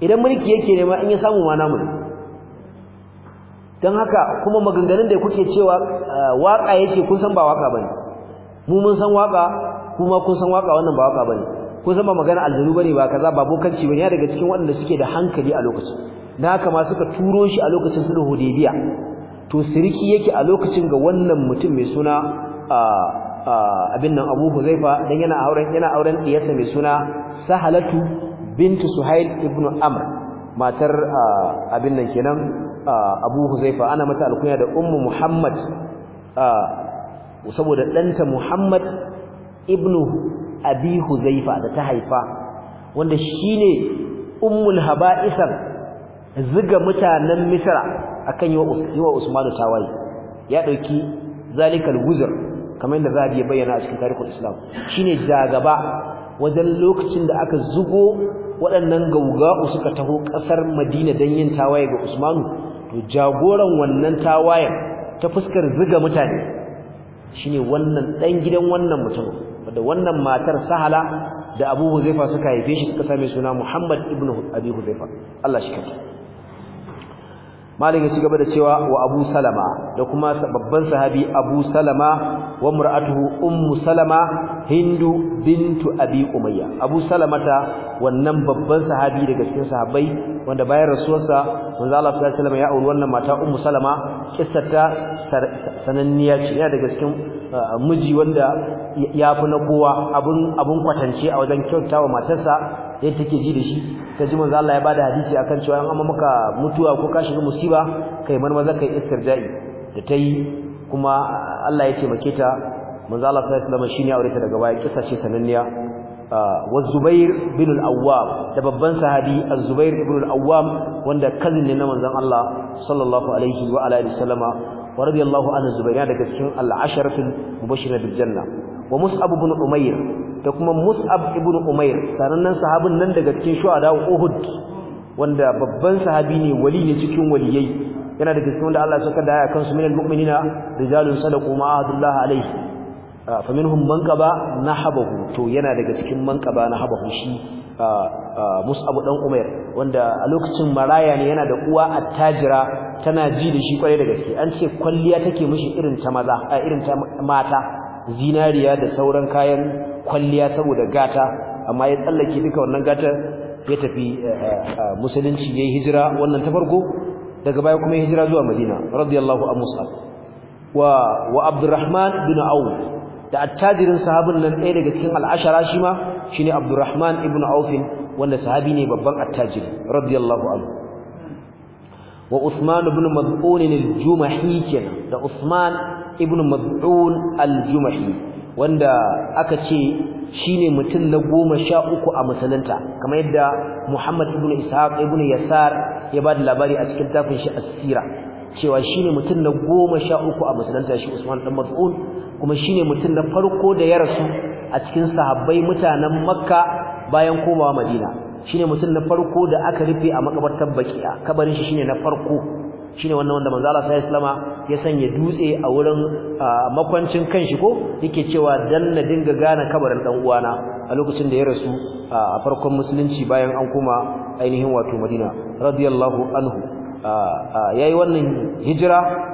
Speaker 1: idan mulki yake nema in ya samu ma namu dan haka kuma maganganun da kuke cewa ah, waka yake kun san ba waka bane mu mun san waka kuma kun san waka wannan ba waka bane kun san ba magana aljuru bane ba kaza ba bokanci bane ya daga cikin waɗanda suke da hankali a lokacin na haka ma suka turo shi a lokacin sulhu hudaybiya to siriki yake a lokacin ga wannan mutum mai suna abin nan Abu Huzaifa dan yana auren yana auren diyarsa mai suna Sahalatu bintu Suhail ibn Amr matar abin nan kenan Abu Huzaifa ana mata alkunya da Ummu Muhammad saboda danta Muhammad ibn Abi Huzaifa da ta haifa wanda shine ummul haba'isan ziga mutanen Misra akan yi wa Usman tawaye ya dauki zalikal guzur kamar yadda zabi ya bayyana a cikin tarihin islam shine jagaba wajen lokacin da aka zugo waɗannan gauga'u suka taho ƙasar madina don yin tawaye ga usmanu to jagoran wannan tawayen ta fuskar ziga mutane shine wannan ɗan gidan wannan mutum wadda wannan matar sahala da abu huzaifa suka haife shi suka same suna muhammad ibn abi huzaifa allah shi kanta malin ya ci gaba da cewa wa abu salama da kuma babban sahabi abu salama wa mur'atuhu ummu salama hindu bintu abi umayya abu salamata wannan babban sahabi daga cikin sahabbai wanda bayan rasuwarsa manzo Allah sallallahu alaihi wasallam ya auri wannan mata ummu salama kissarta sananniya ce yana daga cikin Ah, miji wanda ya fi na kowa abin kwatance a wajen kyautawa matarsa yadda take ji da shi ta ji manzo Allah ya bada hadisi akan cewa an amma maka mutuwa ko ka shiga musiba kai marmaza kai istirja'i da ta yi kuma Allah ya ce make ta manzo Allah sallallahu alaihi wasallam shine aure ta daga baya kisa ce sananniya ah, wa Zubair bin al-Awwam da babban sahabi Az-Zubair ibn al-Awwam wanda kazin ne na manzon Allah sallallahu alaihi wa alihi wasallama wa radiyallahu anhu zubair daga cikin al-asharatul mubashirin bil janna wa mus'ab ibn umayr da kuma mus'ab ibn umair sanannan sahabin nan daga cikin shuhada ohud wanda babban sahabi ne wali ne cikin waliyai yana da cikin wanda Allah ya saka da ayakan su minal mu'minina rijalun sadaqu ma ahadullah alaihi Ah, faminhum na nahabahu to yana daga cikin na nahabahu shi ah, ah, Mus'ab dan Umair wanda a lokacin maraya ne yana da uwa attajira tana ji da shi kwarai da gaske an ce kwalliya take mishi irin ta maza a irin ta mata zinariya da sauran kayan kwalliya saboda gata amma ya tsallake duka wannan gata ya tafi eh, eh, musulunci yayi hijira wannan ta farko daga baya kuma hijira zuwa Madina radiyallahu anhu wa wa Abdurrahman bin Auf da attajirin sahabin nan ɗaya daga cikin al'ashara shi ma shine Abdurrahman ibn Auf wanda sahabi ne babban attajiri radiyallahu anhu wa Usman ibn Mad'un al-Jumahi kenan da Usman ibn Mad'un al-Jumahi wanda aka ce shine mutum na goma sha uku a musulunta kamar yadda Muhammad ibn Ishaq ibn Yasar ya ba da labari a cikin tafin shi as-sira cewa shine mutum na goma sha uku a musulunta shi Usman dan Mad'un kuma shine mutum na farko da ya rasu a cikin sahabbai mutanen makka bayan komawa madina shine mutum na farko da aka rufe a makabartar baqiya kabarin shi shine na farko shine wannan wanda manzo Allah sallallahu ya sanya dutse a wurin makwancin kanshi ko yake cewa dan na dinga gane kabarin dan uwana a lokacin da ya rasu a farkon musulunci bayan an koma ainihin wato madina radiyallahu anhu yayi wannan hijira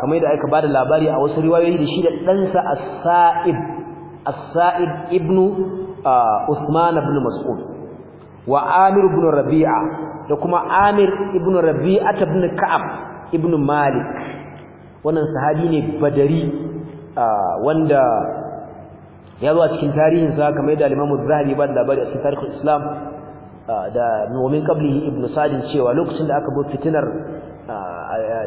Speaker 1: kamar da aka bada labari a wasu riwayoyi da shi da ɗansa as-sa'ib as-sa'ib ibnu usman ibn Mas'ud wa Amir ibn Rabi'a da kuma Amir ibn Rabi'a ibn Ka'ab ibn Malik wannan sahabi ne badari wanda ya zo a cikin tarihin sa kamar da Imam Az-Zahabi ba da labari a cikin tarihin Islam da mumin qabli ibn sa'id cewa lokacin da aka bar fitinar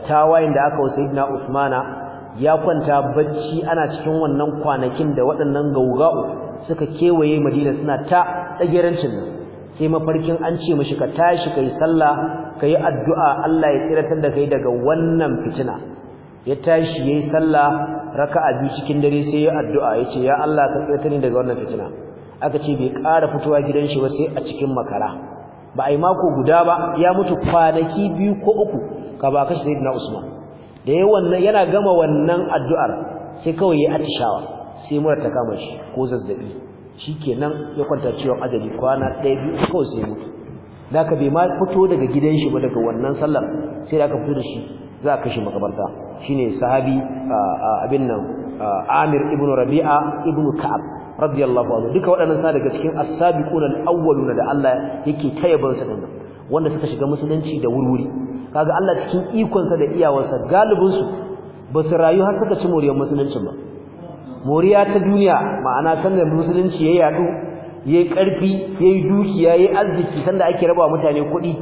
Speaker 1: tawayin da aka wa sayyidina usmana ya kwanta bacci ana cikin wannan kwanakin da waɗannan gauga'u suka kewaye madina suna ta tsagerancin nan sai mafarkin an ce mishi ka tashi kai sallah kai addu'a Allah ya tsiratar da kai daga wannan fitina ya tashi yayi sallah raka biyu cikin dare sai ya addu'a yace ya Allah ka tsiratar ni daga wannan fitina aka ce bai ƙara fitowa gidan shi ba sai a cikin makara ba a yi mako guda ba ya mutu kwanaki biyu ko uku ka ba kashi sayyidina usman da ya wannan yana gama wannan addu'ar sai kawai ya atishawa sai mura ta kama shi ko zazzabi shikenan ya kwanta ciwon ajali kwana ɗaya biyu kawai sai mutu da ka bai ma fito daga gidan shi ba daga wannan sallar sai da aka fito da shi za a kashe makabarta shine sahabi abin nan Amir ibn Rabi'a ibn Ka'ab radiyallahu anhu duka waɗannan sa daga cikin as-sabiqun al-awwaluna da Allah yake tayyaban su dinnan wanda suka shiga musulunci da wurwuri kaga Allah cikin ikon sa da sa galibin su ba su rayu har suka ci moriyar musulunci ba moriya ta duniya ma'ana sanda musulunci yayi yadu yayi karfi yayi dukiya yayi arziki sanda ake raba wa mutane kuɗi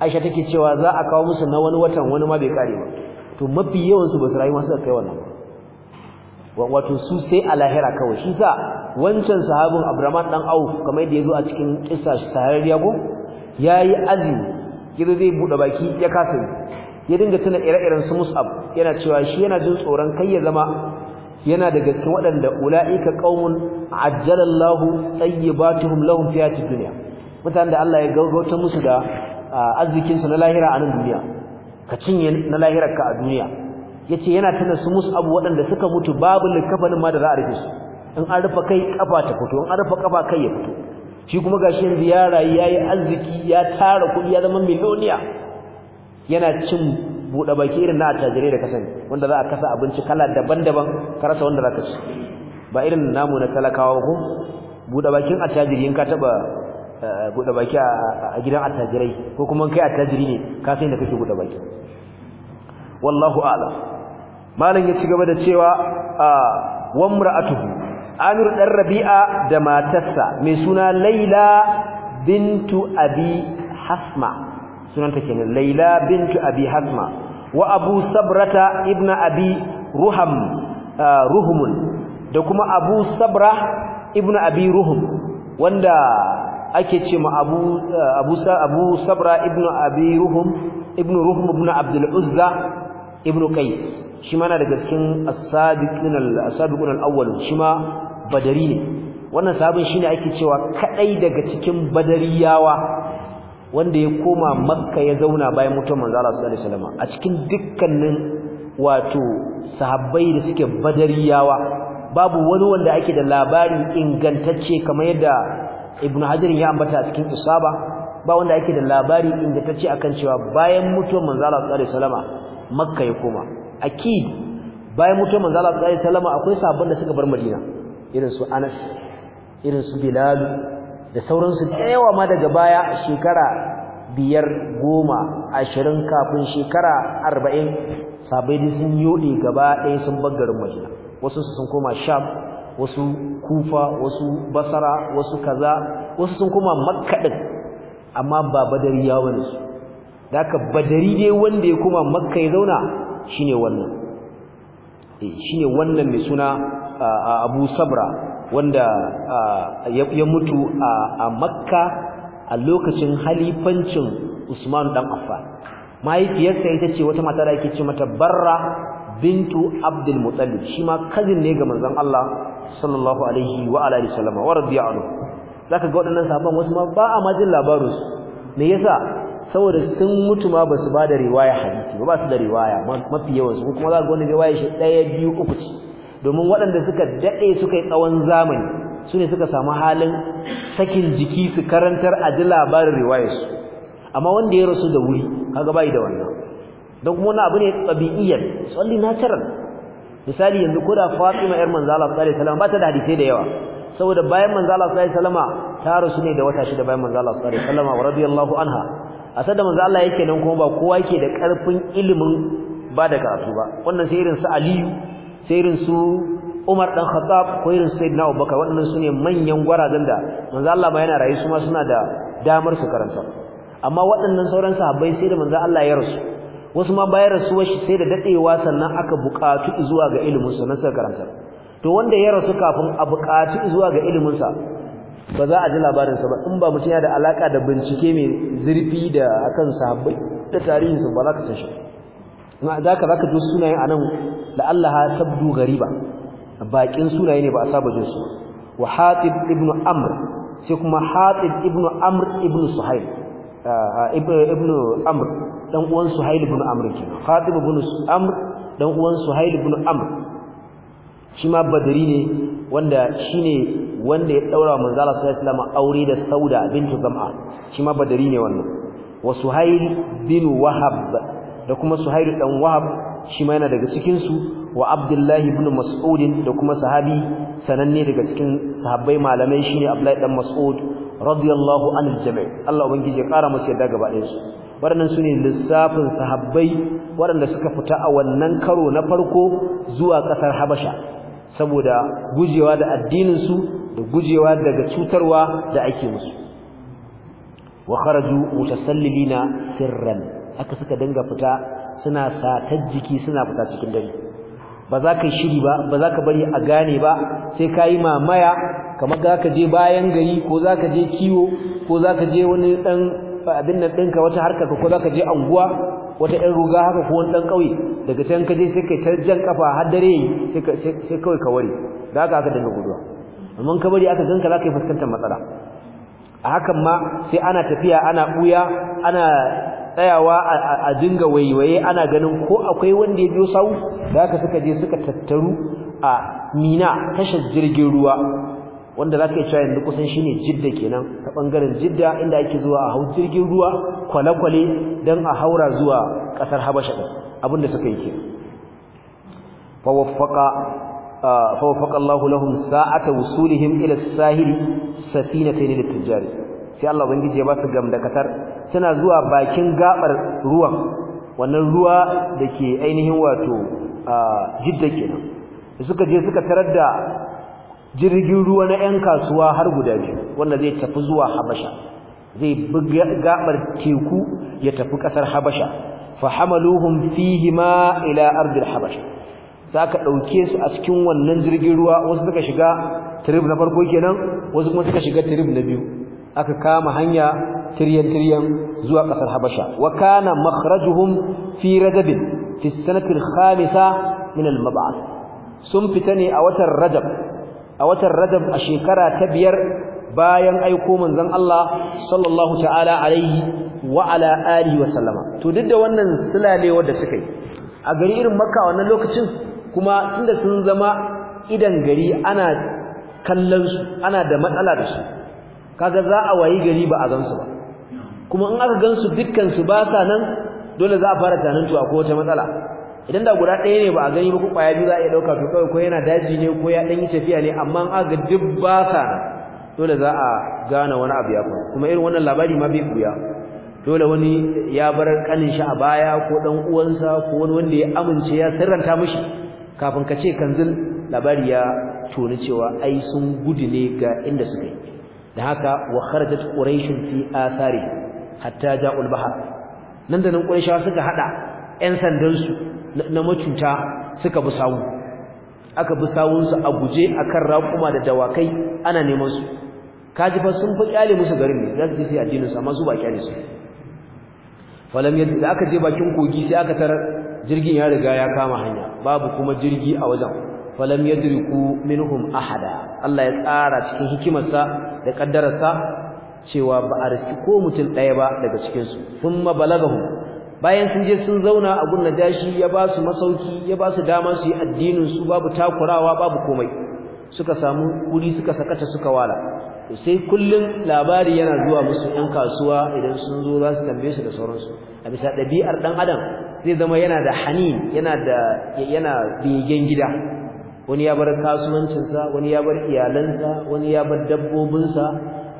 Speaker 1: Aisha take cewa za a kawo musu na wani watan wani ma bai kare ba to mafi yawan su ba su rayu ma suka kai wannan wato su sai a lahira kawai shi sa wancan sahabin Abdurrahman dan Auf kamar da ya zo a cikin kissa sahariya ko yayi azi. kido zai bude baki ya kasa ya dinga tuna ire-iren su Mus'ab yana cewa shi yana jin tsoron kai ya zama yana daga cikin waɗanda ulaika qaumun ajjalallahu tayyibatuhum lahum fi hayatid dunya mutanen da Allah ya gaugauta musu da arzikin su na lahira a nan duniya ka cinye na lahirar a duniya yace yana tuna su Mus'ab waɗanda suka mutu babu likafanin ma da za a rufe su in an rufe kai kafa ta fito in an rufe kafa kai ya fito shi kuma gashi yanzu ya rayu ya yi arziki ya tara kuɗi ya zama miliyoniya yana cin buɗe baki irin na attajirai da kasan wanda za a kasa abinci kala daban-daban ka rasa wanda za ka ci ba irin namu na talakawa ko buɗe bakin attajiri in ka taɓa eh, buɗe baki a gidan attajirai ko kuma kai attajiri ne ka san da kake buɗe baki wallahu a'lam malam ya ci gaba da cewa ah, wa mar'atuhu Amir ɗan Rabi'a da matarsa mai suna Laila bintu Abi Hasma sunanta kenan Laila bintu Abi Hasma wa Abu Sabrata Ibna Abi Ruham uh, Ruhumun da kuma Abu Sabra Ibna Abi Ruhum wanda ake ce ma Abu uh, Abu Abu Sabra Ibna Abi Ruhum ibn Ruhum ibn Abdul Uzza ibn Qais shi ma na daga cikin as-sabiqun al-sabiqun al-awwal shi ma badari ne wannan shi shine ake cewa kadai daga cikin badariyawa wanda ya koma makka ya zauna bayan mutum manzo Allah sallallahu alaihi wasallam a cikin dukkanin wato sahabbai da suke badariyawa babu wani wanda ake da labari ingantacce kamar yadda ibnu hajar ya ambata a cikin isaba ba wanda ake da labari ingantacce akan cewa bayan mutum manzo Allah sallallahu alaihi wasallam makka ya koma akid bayan mutum manzo Allah sallallahu alaihi wasallam akwai sahabban da suka bar madina irin su Anas irin su Bilal da sauransu da yawa ma daga baya shekara biyar goma ashirin kafin shekara arba'in sabai da sun yoɗe gaba ɗaya sun bar garin Madina wasu sun koma Sham wasu Kufa wasu Basra wasu kaza wasu sun koma Makka din amma ba Badari ya wani su da haka Badari dai wanda ya koma Makka ya zauna shine wannan eh shine wannan mai suna abu sabra wanda ya mutu a makka a lokacin halifancin usman dan affan mahaifiyarsa ita ce wata mata da ake ce mata barra bintu abdul muttalib shi ma kazin ne ga manzon Allah sallallahu alaihi wa alihi sallama wa radiya anhu zaka ga wadannan sahabban wasu ma ba a majin labarus me yasa saboda sun mutu ma basu ba da riwaya hadisi ba su da riwaya mafi yawansu su kuma za ga wani riwaya shi ɗaya biyu uku ce domin waɗanda suka daɗe suka yi tsawon zamani su ne suka samu halin sakin jiki su karantar a ji labarin su amma wanda ya rasu da wuri kaga bai da wannan don kuma wani abu ne tabi'iyyar tsalli natural misali yanzu ko da Fatima yar manzo Allah sallallahu alaihi wasallam ba ta da hadisi da yawa saboda bayan manzo Allah sallallahu alaihi ta rasu ne da wata shida bayan manzo Allah sallallahu alaihi wasallama radiyallahu anha a sadda manzo Allah yake nan kuma ba kowa yake da karfin ilimin ba da karatu ba wannan sai irin su Aliyu sai irin su Umar dan Khattab ko irin Sayyidina Abubakar waɗannan su ne manyan gwarazan da manzo Allah ma yana rayu su ma suna da damar su karanta amma waɗannan sauran sahabbai sai da manzo Allah ya rasu wasu ma bayan rasu shi sai da dadewa sannan aka buƙatu zuwa ga ilimin su nan suka karanta to wanda ya rasu kafin a buƙatu zuwa ga ilimin sa ba za a ji labarin sa ba in ba mutum ya da alaka da bincike mai zurfi da akan sahabbai da tarihin su ba za ka san shi ma da ka zaka ji sunayen anan Allah la'allaha tabdu gariba bakin sunaye ne ba a saba jin su wa hatib ibnu amr sai kuma hatib ibnu amr ibnu suhail ibnu amr dan uwan suhail ibnu amr kenan hatib ibnu amr dan uwan suhail ibnu amr shi ma badari ne wanda shine wanda ya daura manzo Allah sallallahu alaihi wasallam aure da sauda bintu zam'a shi ma badari ne wannan wa suhail bin wahab da kuma suhairu dan wahab shi ma yana daga cikin su wa abdullahi ibn mas'ud da kuma sahabi sananne daga cikin sahabbai malamai shine abdullahi dan mas'ud radiyallahu anil jami' Allah ubangiji ya kara musu yadda gaba ɗayan su waɗannan sune lissafin sahabbai waɗanda suka fita a wannan karo na farko zuwa ƙasar Habasha saboda gujewa da addinin su da gujewa daga cutarwa da ake musu wa kharaju mutasallilina sirran aka suka dinga fita suna satar jiki suna fita cikin dare ba za ka shiri ba ba za ka bari a gane ba sai ka yi mamaya kamar za ka je bayan gari ko za ka je kiwo ko za ka je wani ɗan abin nan ɗinka wata harka ko za ka je anguwa wata ɗan ruga haka ko wani ɗan ƙauye daga can ka je sai ka ta jan kafa har dare sai kawai ka ware da haka aka dinga guduwa amma ka bari aka ganka za ka yi fuskantar matsala a hakan ma sai ana tafiya ana buya ana tsayawa a dinga waiwaye ana ganin ko akwai wanda ya biyo sau da haka suka je suka tattaru a mina tashar jirgin ruwa wanda za ka yi cewa yanzu kusan shi ne jidda kenan ta ɓangaren jidda inda ake zuwa a hau jirgin ruwa kwale-kwale don a haura zuwa ƙasar habasha ɗin abin da suka yi ke Allahu lahum sa'ata wusulihim ila yi safinatain tijjari sai Allah ubangiji ya ba su gamdakatar suna zuwa bakin gabar ruwan wannan ruwa dake ainihin wato jidda kenan suka je suka tarar da jirgin ruwa na 'yan kasuwa har guda biyu wanda zai tafi zuwa habasha zai bi gabar teku ya tafi kasar habasha Fa fahamaluhum fihima ila ardil habasha saka ɗauke su a cikin wannan jirgin ruwa wasu suka shiga trip na farko kenan wasu kuma suka shiga trip na biyu aka kama hanya tiryan-tiryan zuwa ƙasar Habasha wa kana makhrajuhum fi Rajab fi khamisa min al-mab'ath sun fita ne a watan Rajab a watan Rajab a shekara ta biyar bayan aiko manzon Allah sallallahu ta'ala alaihi wa ala alihi wa sallama to duk da wannan sulalewar da suka yi a gari irin Makka wannan lokacin kuma tunda sun zama idan gari ana kallon su ana da matsala da su kaga za a wayi gari ba a gansu ba kuma in aka gansu dukkan su ba sa nan dole za a fara tunanin cewa ko wata matsala idan da guda ɗaya ne ba a gani ba ko kwaya biyu za a iya dauka to kai ko yana daji ne ko ya ɗan yi tafiya ne amma in aka duk ba sa nan dole za a gane wani abu ya faru kuma irin wannan labari ma bai buya dole wani ya bar kanin shi a baya ko dan uwansa ko wani wanda ya amince ya sirranta mishi kafin ka ce kanzil labari ya tuni cewa ai sun gudu ne ga inda suka yi da haka wa kharajat quraish fi athari hatta ja'u al nan da nan quraish suka hada 'yan sandan su na macunta suka bi sawu aka bi sawun su a guje akan raƙuma da dawakai ana neman su kaji fa sun fi kyale musu garin ne zasu ji addinin su amma su ba kyale su falam yadda aka je bakin kogi sai aka tarar jirgin ya riga ya kama hanya babu kuma jirgi a wajen falam yadriku minhum ahada Allah ya tsara cikin hikimarsa da kaddararsa cewa ba a riski ko mutum ɗaya ba daga cikin su thumma balagahum bayan sun je sun zauna a gunna dashi ya ba su masauki ya ba su dama su yi addinin su babu takurawa babu komai suka samu kuri suka sakata suka wala sai kullun labari yana zuwa musu ɗan kasuwa idan sun zo za su tambaye su da sauransu a bisa ɗabi'ar ɗan adam zai zama yana da hanin yana da yana begen gida wani ya bar kasuwancinsa wani ya bar iyalansa wani ya bar dabbobinsa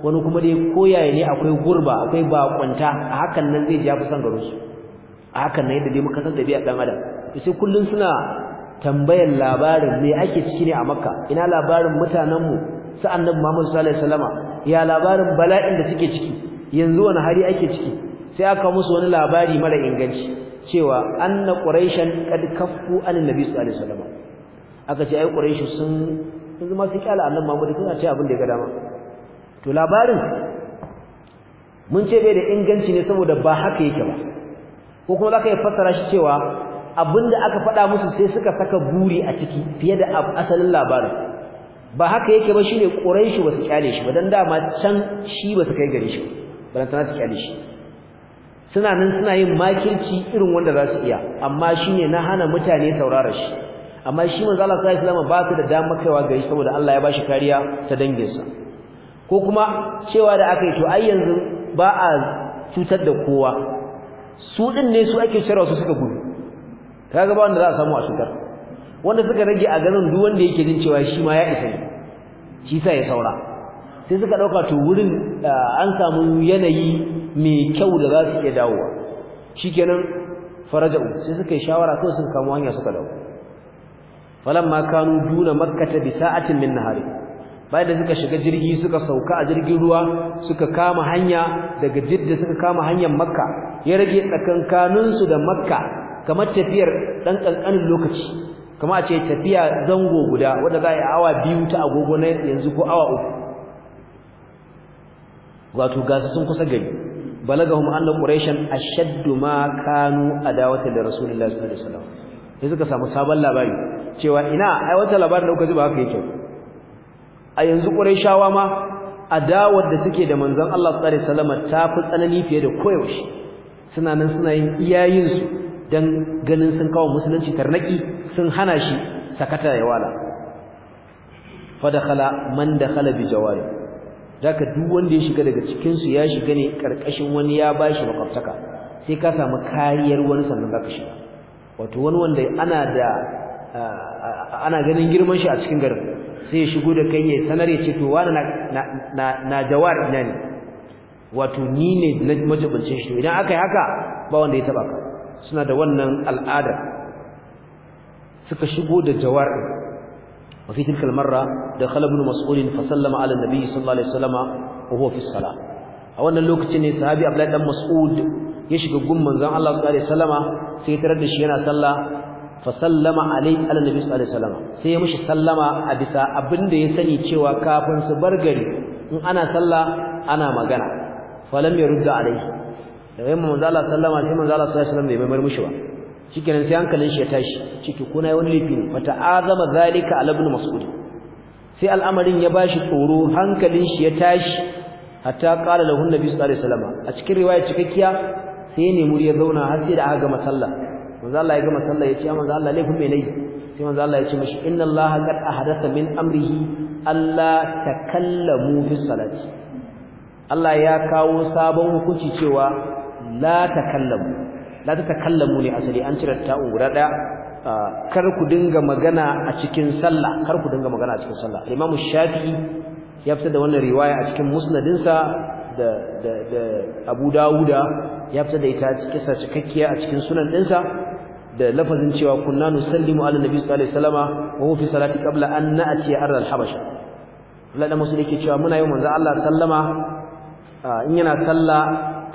Speaker 1: wani kuma dai koyaye ne akwai gurba akwai bakunta a hakan nan zai ja garo su a hakan nan yadda dai muka san dabi'a dan adam to sai kullun suna tambayar labarin me ake ciki ne a makka ina labarin mutanen mu sa annabi Muhammad sallallahu alaihi wasallam ya labarin bala'in da suke ciki yanzu wani hari ake ciki sai aka musu wani labari mara inganci cewa anna quraishan kad kaffu an nabi sallallahu alaihi wasallam aka ce ai quraishi sun yanzu ma sai kyala annabi Muhammad kuna ce abin da ya ga dama to labarin mun ce bai da inganci ne saboda ba haka yake ba ko kuma zaka yi fassara shi cewa da aka faɗa musu sai suka saka buri a ciki fiye da asalin labarin ba haka yake ba shine quraishi ba su kyale shi ba dan dama can shi ba su kai gare shi ba dan tana su kyale shi suna nan suna yin makirci irin wanda za su iya amma shine na hana mutane saurara shi amma shi manzo Allah sallallahu alaihi wasallam ba su da dama kaiwa gari saboda Allah ya bashi kariya ta danginsa ko kuma cewa da aka yi to ai yanzu ba a cutar da kowa su din ne su ake shirya su suka gudu kaga ba wanda za a samu a cutar wanda suka rage a ganin duk wanda yake jin cewa shi ma ya isa ne shi sa ya saura sai suka dauka to wurin eh, an samu yanayi mai kyau da za su iya dawowa shikenan faraja'u sai suka yi shawara kawai suka kamo hanya suka dawo falamma kanu duna makkata bi sa'atin min nahari bayan da suka shiga jirgi suka sauka a jirgin ruwa suka kama hanya daga jidda suka kama hanyar makka ya rage tsakankanin su da makka kamar tafiyar dan kankanin lokaci kamar a ce tafiya zango guda wanda za a yi awa biyu ta agogo na yanzu ko awa uku wato gasu sun kusa gari balagahum anna quraishan ashaddu ma kanu adawatan da rasulullahi sallallahu alaihi wasallam sai suka samu sabon labari cewa ina ai wata labarin da kuka ji ba haka yake a yanzu shawa ma adawar da suke da manzon Allah sallallahu alaihi wasallam ta fi tsanani fiye da koyaushe suna nan suna yin iyayin su dan ganin sun kawo musulunci tarnaki sun hana shi sakata ya wala fa dakhala man dakhala bi jawari zaka duk wanda ya shiga daga cikin su ya shiga ne karkashin wani ya bashi makwabtaka sai ka samu kariyar wani sannan zaka shiga wato wani wanda ana da ana ganin girman shi a cikin garin sai ya shigo da kai ya sanar ya ce to wani na na na jawar ina ne wato ni ne na majibincin shi idan aka yi haka ba wanda ya taba ka suna da wannan al'ada suka shigo da jawar وفي تلك المرة دخل ابن مسعود فسلم على النبي صلى الله عليه وسلم وهو في الصلاة أولا لوكتني صحابي أبلا دم Mas'ud. ya shiga gun manzon Allah sallallahu alaihi wasallama sai ya tarar da shi yana sallah fa sallama alai ala nabi sallallahu alaihi wasallama sai ya mishi sallama a bisa abinda ya sani cewa kafin su bar gari in ana sallah ana magana falam yarudda alai da wai manzon Allah sallama sai manzon Allah sallallahu alaihi wasallam bai mai mishi ba shikenan sai hankalin shi ya tashi ciki kuna wani laifi ne fa ta'azama zalika ala ibn mas'ud sai al'amarin ya bashi tsoro hankalin shi ya tashi hatta qala lahu annabi sallallahu alaihi wasallama a cikin riwaya cikakkiya sai ne muri ya zauna har sai da aka gama sallah manzo Allah ya gama sallah ya ce manzo Allah laifin me nayi sai manzo Allah ya ce mashi inna Allah qad ahdatha min amrihi Allah takallamu fi salati Allah ya kawo sabon hukunci cewa la takallamu la takallamu ne asali an cire ta guda daya kar ku dinga magana a cikin sallah kar ku dinga magana a cikin sallah Imam Shafi'i ya fitar da wannan riwaya a cikin musnadinsa da da da Abu Dawuda ya fitar da ita kisa cikakkiya a cikin sunan dinsa da lafazin cewa kunna nusallimu ala nabi sallallahu alaihi wasallama wa fi salati qabla an na'ti ardal habasha Allah da musulmi yake cewa muna yi manzo Allah sallama in yana salla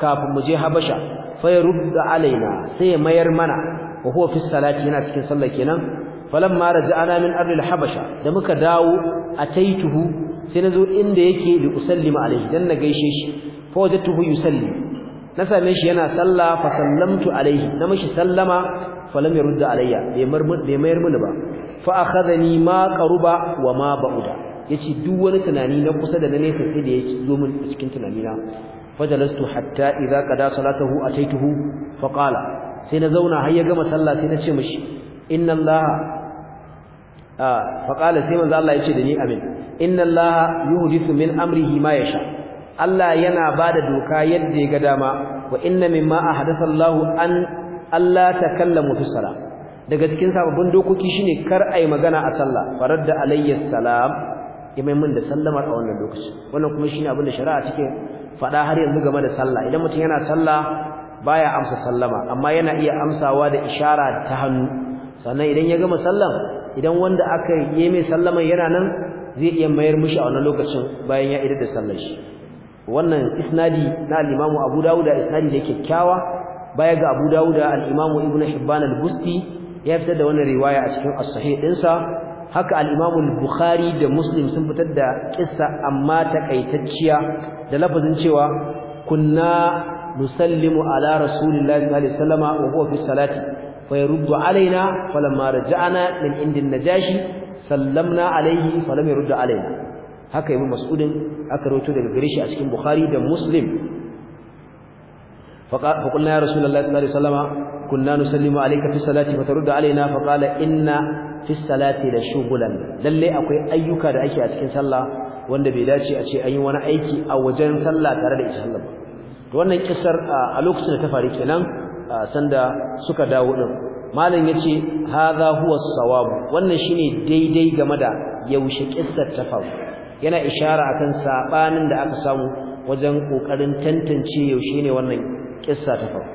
Speaker 1: kafin mu je habasha fa yaruddu alaina sai ya mayar mana wa huwa fi salati yana cikin sallah kenan falamma raja'ana min ardil habasha da muka dawo ataituhu sai nazo inda yake bi usallima alaihi dan na gaishe shi fa wajadtuhu yusalli na same shi yana sallah fa sallamtu alaihi na mishi sallama fa lam rudda alayya bai mayar mini ba fa akhadhani ma qaruba wa ma ba'uda yace duk wani tunani na kusa da na nesa sai da yake zo min cikin tunanina fajalastu hatta idza qada salatahu ataituhu fa qala sai na zauna har ya gama sallah sai na ce mishi inna allaha qala sai manzo Allah ya ce da ni amin inna Allah yuhdithu min amrihi ma yasha Allah yana bada doka yadda ya ga dama wa inna mimma ahdatha Allah an Allah takallamu fi salat daga cikin sababbin dokoki shine kar ai magana a sallah faradda alayhi salam yamai mun da Sallama a wannan lokaci wannan kuma shine abin da shari'a cikin fada har yanzu game da sallah idan mutum yana sallah baya amsa sallama amma yana iya amsawa da ishara ta hannu sannan idan ya gama sallan idan wanda aka yi mai sallama yana nan zai iya mayar mishi a wannan lokacin bayan ya idar da sallar shi wannan isnadi na al-Imam Abu Dawud isnadi ne kyakkyawa baya ga Abu Dawud al-Imam Ibn Hibban al-Busti ya fitar da wannan riwaya a cikin as-sahih dinsa haka al-Imam al-Bukhari da Muslim sun fitar da kissa amma takaitacciya da lafazin cewa kunna nusallimu ala rasulillahi sallallahu alaihi wasallama wa huwa fi salati فيرد علينا فلما رجعنا من عند النجاشي سلمنا عليه فلم يرد علينا haka ibn mas'ud aka rawaito daga gare a cikin bukhari da muslim fa qulna ya rasulullahi sallallahu alaihi wasallam kunna nusallimu alayka fi salati fa taruddu alaina fa qala inna fi salati la shughlan lalle akwai ayyuka da ake a cikin sallah wanda bai dace a ce an yi wani aiki a wajen sallah tare da ita sallah ba to wannan kissar a lokacin da ta faru kenan sanda suka dawo din malam yace hadha huwa sawab wannan shine daidai game da yaushe kissar ta faru yana ishara akan sabanin da aka samu wajen kokarin tantance yaushe ne wannan kissa ta faru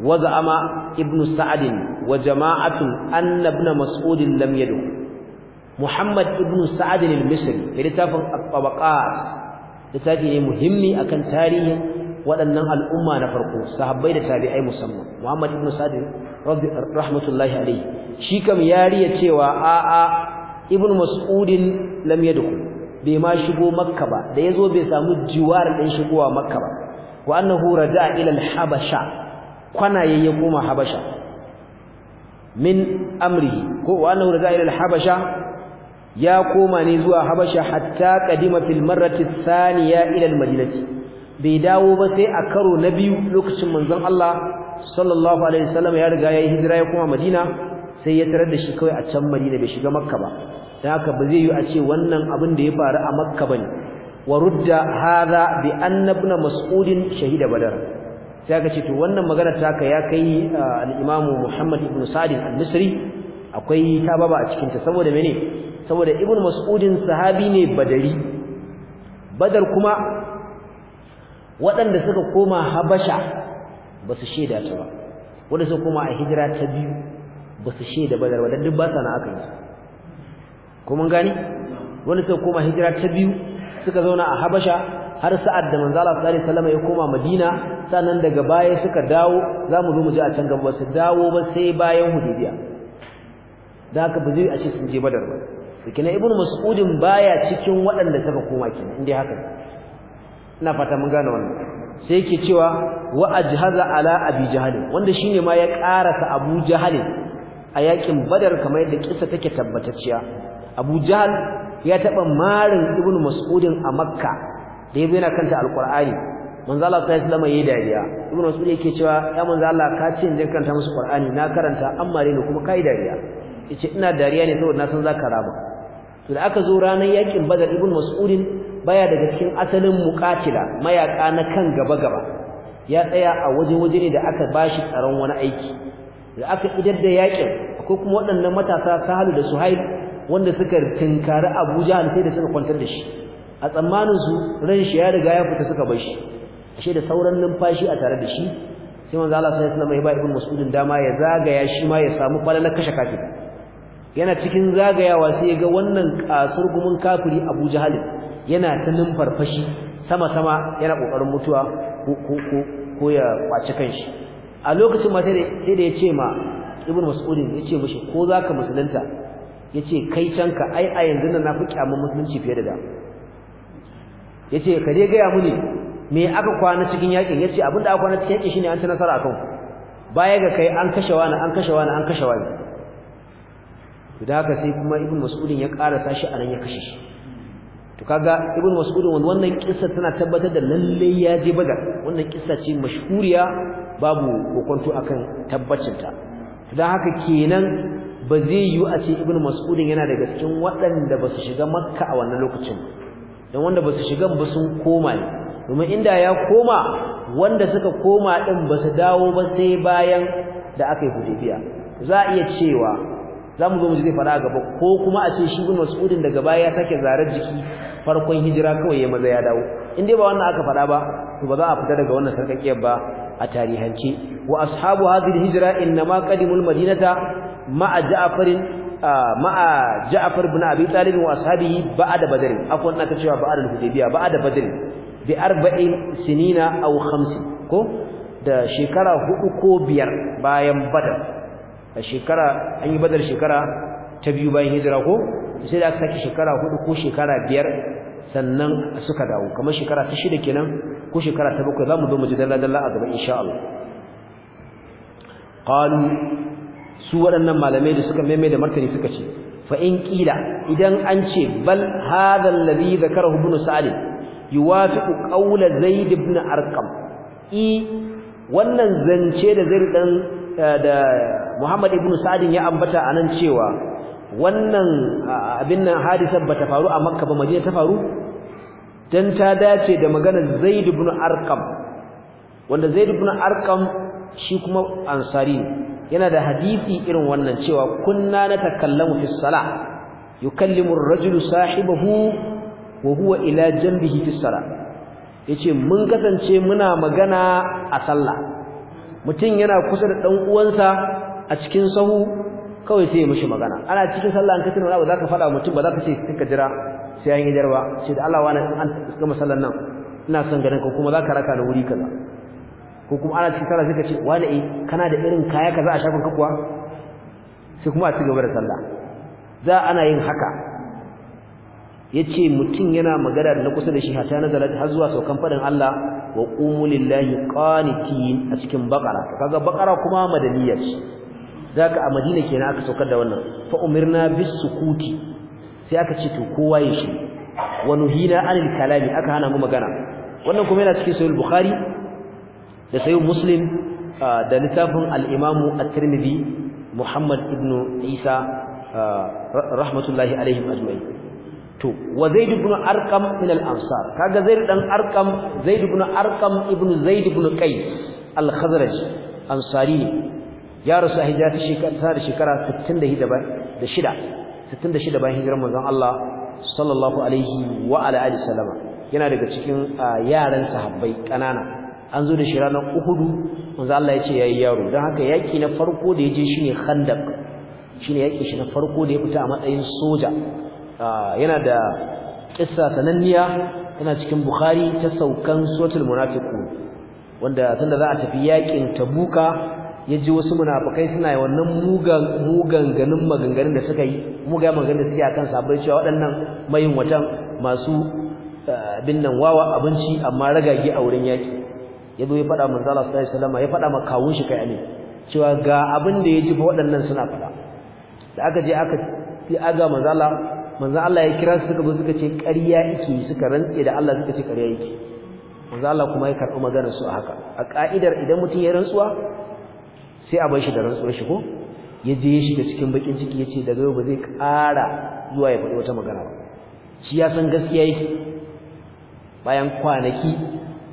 Speaker 1: وزعم ابن سعد وجماعة أن ابن مسعود لم يدخ محمد ابن سعد المصري في لتاف الطبقات litafi muhimmi akan tarihin. waɗannan al'umma na farko sahabbai da tabi'ai musamman Muhammad ibn Sa'd rahmatullahi alayhi shi kam yariya cewa a a ibn Mas'udin lam yadkhul bai ma shigo Makka ba da yazo bai samu jiwar din shigowa Makka ba wa annahu raja'a ila al-Habasha kwana yayi kuma Habasha min amrihi ko wa annahu raja'a ila al-Habasha ya koma ne zuwa Habasha hatta qadima fil marrati thaniya ila al-Madinati bai dawo ba sai a karo na biyu lokacin manzon Allah sallallahu alaihi wasallam ya riga yayi hijira ya kuma Madina sai ya tarar da shi kawai a can Madina bai shiga Makka ba dan haka ba zai yi a ce wannan abin da ya faru a Makka bane wa rudda hadha bi anna ibn mas'ud shahida badar sai aka ce to wannan magana taka ya kai al-Imam Muhammad ibn Sa'd al-Misri akwai ta baba a cikin ta saboda mene saboda ibn mas'udin sahabi ne badari badar kuma waɗanda suka koma habasha ba su shaida ta ba wanda suka koma a hijira ta biyu ba su shaida ba da duk ba sa na aka yi ko mun gani wanda suka koma hijira ta biyu suka zauna a habasha har sa'ad da manzo Allah sallallahu alaihi wasallam ya koma Madina sannan daga baya suka dawo za mu zo mu ji a can gaba su dawo ba sai bayan Hudaybiya da haka ba zai a ce sun je Badar ba kina Ibn Mas'udin baya cikin waɗanda suka koma kina inda haka ina fata mun gane wannan sai yake cewa wa ajhaza ala abi jahal wanda shine ma ya karasa abu jahal a yakin badar kamar yadda kissa take tabbatacciya abu jahal ya taba marin ibn mas'udin a makka da yabi yana kanta alqur'ani manzo Allah sai alaihi yayi dariya ibn mas'ud yake cewa ya manzo Allah ka ce in kanta musu qur'ani na karanta amma ne kuma kai dariya yace ina dariya ne saboda na san zaka rama to da aka zo ranar yakin badar ibn mas'udin baya daga cikin asalin muqatila mayaka na kan gaba gaba ya tsaya a waje waje ne da aka bashi tsaron wani aiki da aka idar da yakin akwai kuma waɗannan matasa Sahalu da Suhail wanda suka tinkari Abuja sai da suka kwantar da shi a tsammanin su ran shi ya riga ya fita suka bar shi ashe da sauran numfashi a tare da shi sai manzo Allah sai sunan mai ba ibn Mas'udin dama ya zagaya shi ma ya samu na kashe kafiri yana cikin zagayawa sai ya ga wannan kasurgumin kafiri Abuja Jahal yana ta numfarfashi sama sama yana kokarin mutuwa ko ko ko ya kwaci kanshi a lokacin ma sai da ya ce ma ibnu mas'udin ya ce mishi ko zaka musulunta yace kai canka ai a yanzu nan na fi kyamun musulunci fiye da da yace ka je gaya muni me aka kwana cikin yakin yace abin da aka kwana cikin yakin shine an ci nasara akan baya ga kai an kashe wani an kashe wani an kashe wani da haka sai kuma ibnu mas'udin ya karasa shi anan ya kashe shi to kaga ibnu mas'ud wannan kissa tana tabbatar da lalle ya je badar wannan kissa ce mashhuriya babu kokonto akan tabbacinta dan haka kenan ba zai yiwu a ce ibnu mas'ud yana daga cikin waɗanda ba su shiga makka a wannan lokacin dan wanda ba su shiga ba sun koma ne domin inda ya koma wanda suka koma din ba su dawo ba sai bayan da aka yi hudubiya za a iya cewa za mu zo mu ji fara gaba ko kuma a ce shi ibnu mas'udin daga baya ya sake zarar jiki farkon hijira kawai ya maza ya dawo in dai ba wannan aka faɗa ba to ba za a fita daga wannan sarkakiyar ba a tarihance wa ashabu hadhihi hijra innama qadimul madinata ma ja'farin ma ja'far ibn abi talib wa ashabihi ba'da badr afwan naka cewa ba'da hudaybiya ba'da badr bi arba'in sinina aw khams ko da shekara hudu ko biyar bayan badar a shekara an yi badar shekara ta biyu bayan hijira ko sai da aka saki shekara hudu ko shekara biyar sannan suka dawo kamar shekara ta shida kenan ko shekara ta bakwai zamu zo mu ji dalla dalla a gaba insha Allah su waɗannan malamai da suka maimai da martani suka ce fa in qila idan an ce bal hadha alladhi dhakarahu ibn sa'd yuwafiqu qawla zaid ibn arqam i wannan zance da zaid dan eh, da Muhammad ibn Sa'd ya ambata anan cewa wannan abin nan ba bata faru a makka ba madina ta faru dan ta dace da maganar zaid ibn arqam wanda zaid ibn arqam shi kuma ansari yana da hadisi irin wannan cewa kunna na takallamu fi salah yukallimu ar-rajulu sahibahu wa huwa ila janbihi fi salah yace mun kasance muna magana a sallah mutum yana kusa da dan uwansa a cikin sahu kawai sai ya mishi magana ana cikin sallah an kace ba za ka fada mutum ba za ka ce ka jira sai an yi jarwa sai da Allah wani an gama sallar nan ina son ganin ka kuma za ka raka ni wuri kaza ko kuma ana cikin sallah sai ka ce wani eh kana da irin kaya kaza a shafin ka kuwa sai kuma a ci gaba da sallah za ana yin haka yace mutum yana magana da na kusa da shi hata nazalat har zuwa saukan fadin Allah wa qumu lillahi qanitin a cikin baqara kaga baqara kuma madaniyar zaka a Madina kenan aka saukar da wannan fa umirna bis sukuti sai aka ce to kowa ya shi wa nuhina anil kalami aka hana mu magana wannan kuma yana cikin sahih bukhari da sahih muslim da littafin al-imamu at-tirmidhi muhammad Ibnu isa rahmatullahi alaihim ajma'in to wa zaid ibn arqam min al-ansar kaga zaid dan arqam zaid ibn arqam ibn zaid ibn qais al-khazraj ansari ne ya rasu a hijira ta da shekara 66 66 bayan hijirar manzon Allah sallallahu alaihi wa ala alihi sallama yana daga cikin yaran sahabbai kanana an zo da shi ranar Uhudu manzon Allah ya ce yayi yaro don haka yaki na farko da yaje shine Khandaq shine yaki shi na farko da ya fita a matsayin soja yana da kissa sananniya yana cikin Bukhari ta saukan suratul munafiqun wanda tunda za a tafi yakin Tabuka ya ji wasu munafukai suna wannan mugan mugan ganin maganganun da suka yi muga maganganun da suke akan sabai cewa waɗannan mayin watan masu eh, binnan wawa abinci amma ragage a wurin yaki yazo ya faɗa manzo Allah sallallahu alaihi wasallam ya faɗa ma kawun shi kai ne cewa ga abin da ya ji ba waɗannan suna faɗa da aka je aka yi aga manzo Allah manzo Allah ya kira su suka zo suka ce ƙarya yake suka rantse da Allah suka ce ƙarya yake manzo Allah kuma ya karɓi maganar su a haka a ka'idar idan mutum ya rantsuwa sai a bar shi da rantsuwar shi ko ya je ya shiga cikin bakin ciki ya ce daga yau ba zai ƙara zuwa ya faɗi wata magana ba shi ya san gaskiya yake bayan kwanaki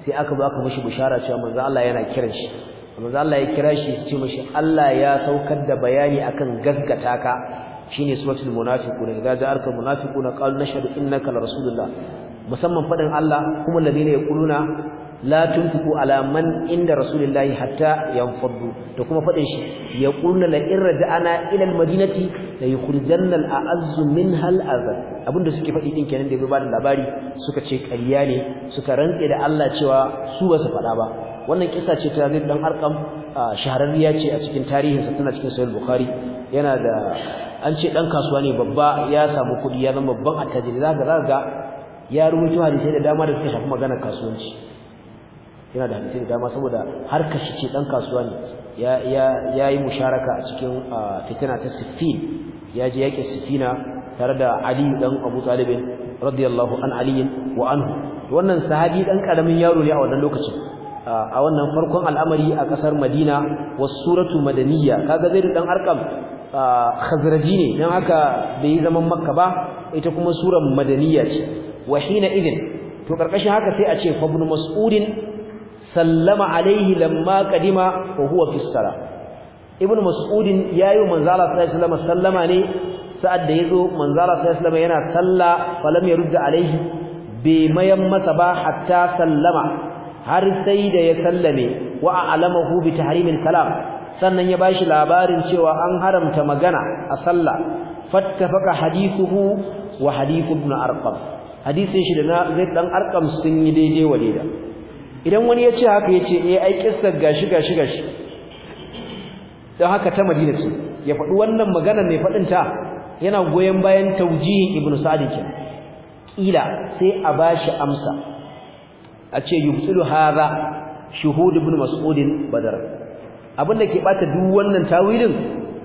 Speaker 1: sai aka ba aka mishi bishara cewa manzo Allah yana kiran shi manzo Allah ya kira shi ya ce mishi Allah ya saukar da bayani akan gaskata ka shine suratul munafiquna idza ja'alka munafiquna qalu nashhadu innaka la rasulullah musamman fadin Allah kuma ladina yaquluna la tunfiqu ala man inda rasulullahi hatta yanfaddu da kuma fadin shi ya qulna la in raja'ana ila almadinati la yukhrijanna al'azzu minha al'azab abinda suke fadi din kenan da ya bai da labari suka ce ƙarya ne suka rantse da Allah cewa su ba su fada ba wannan kisa ce ta Zaid dan Arqam shahararriya ce a cikin tarihinsa tana cikin Sahih Bukhari yana da an ce dan kasuwa ne babba ya samu kudi ya zama babban attajiri zaka zaka ya rubuta hadisi da dama da suka shafi magana kasuwanci yana da hadisi da dama saboda har shi ce dan kasuwa ne ya ya yayi musharaka a cikin fitina ta siffin ya je yake siffina tare da Ali dan Abu Talib radiyallahu an Ali wa anhu wannan sahabi dan karamin yaro ne a wannan lokacin a wannan farkon al'amari a kasar Madina was suratu madaniyya kaga zai dan arkam khazraji ne dan haka bai yi zaman makka ba ita kuma surar madaniyya ce wa hina idin to karkashin haka sai a ce fa ibn mas'udin sallama alaihi lamma qadima wa huwa fi sala ibnu mas'ud yayi Manzala Allah sallama ne sa'ad da yazo manzo Allah yana salla falam yarudda alaihi bai mayan masa ba hatta sallama har sai da ya sallame wa alamahu bi tahrimil kalam sannan ya bashi labarin cewa an haramta magana a salla fattafaka hadithuhu wa hadithu ibn arqam hadisin shi da na zai dan arqam sun yi daidai wa daidai idan wani ya ce haka ya ce eh ai kissar gashi gashi gashi don haka ta madina ce ya faɗi wannan magana mai faɗin ta yana goyon bayan taujihin ibn sa'd sai a bashi amsa a ce yubtilu hadha shuhud ibn mas'ud badar abinda ke ɓata duk wannan tawilin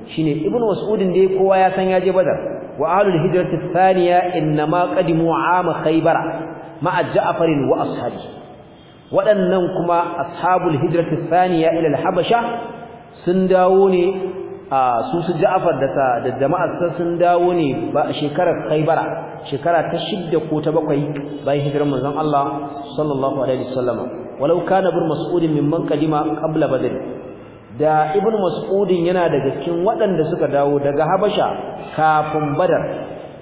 Speaker 1: shine ibn mas'ud dai kowa ya san ya je badar wa ahlul hijrati thaniya inma qadimu ama khaybara ma'a ja'far wa ashabihi waɗannan kuma ashabul hijratu thaniya ila al-habasha sun dawo ne a su su Ja'far da da jama'ar sa sun dawo ne ba shekarar Khaibara shekara ta 6 ko ta 7 bayan hijirar manzon Allah sallallahu alaihi wasallam walau kana bir mas'ud mimman kadima qabla badr da ibn mas'ud yana daga cikin waɗanda suka dawo daga Habasha kafin Badar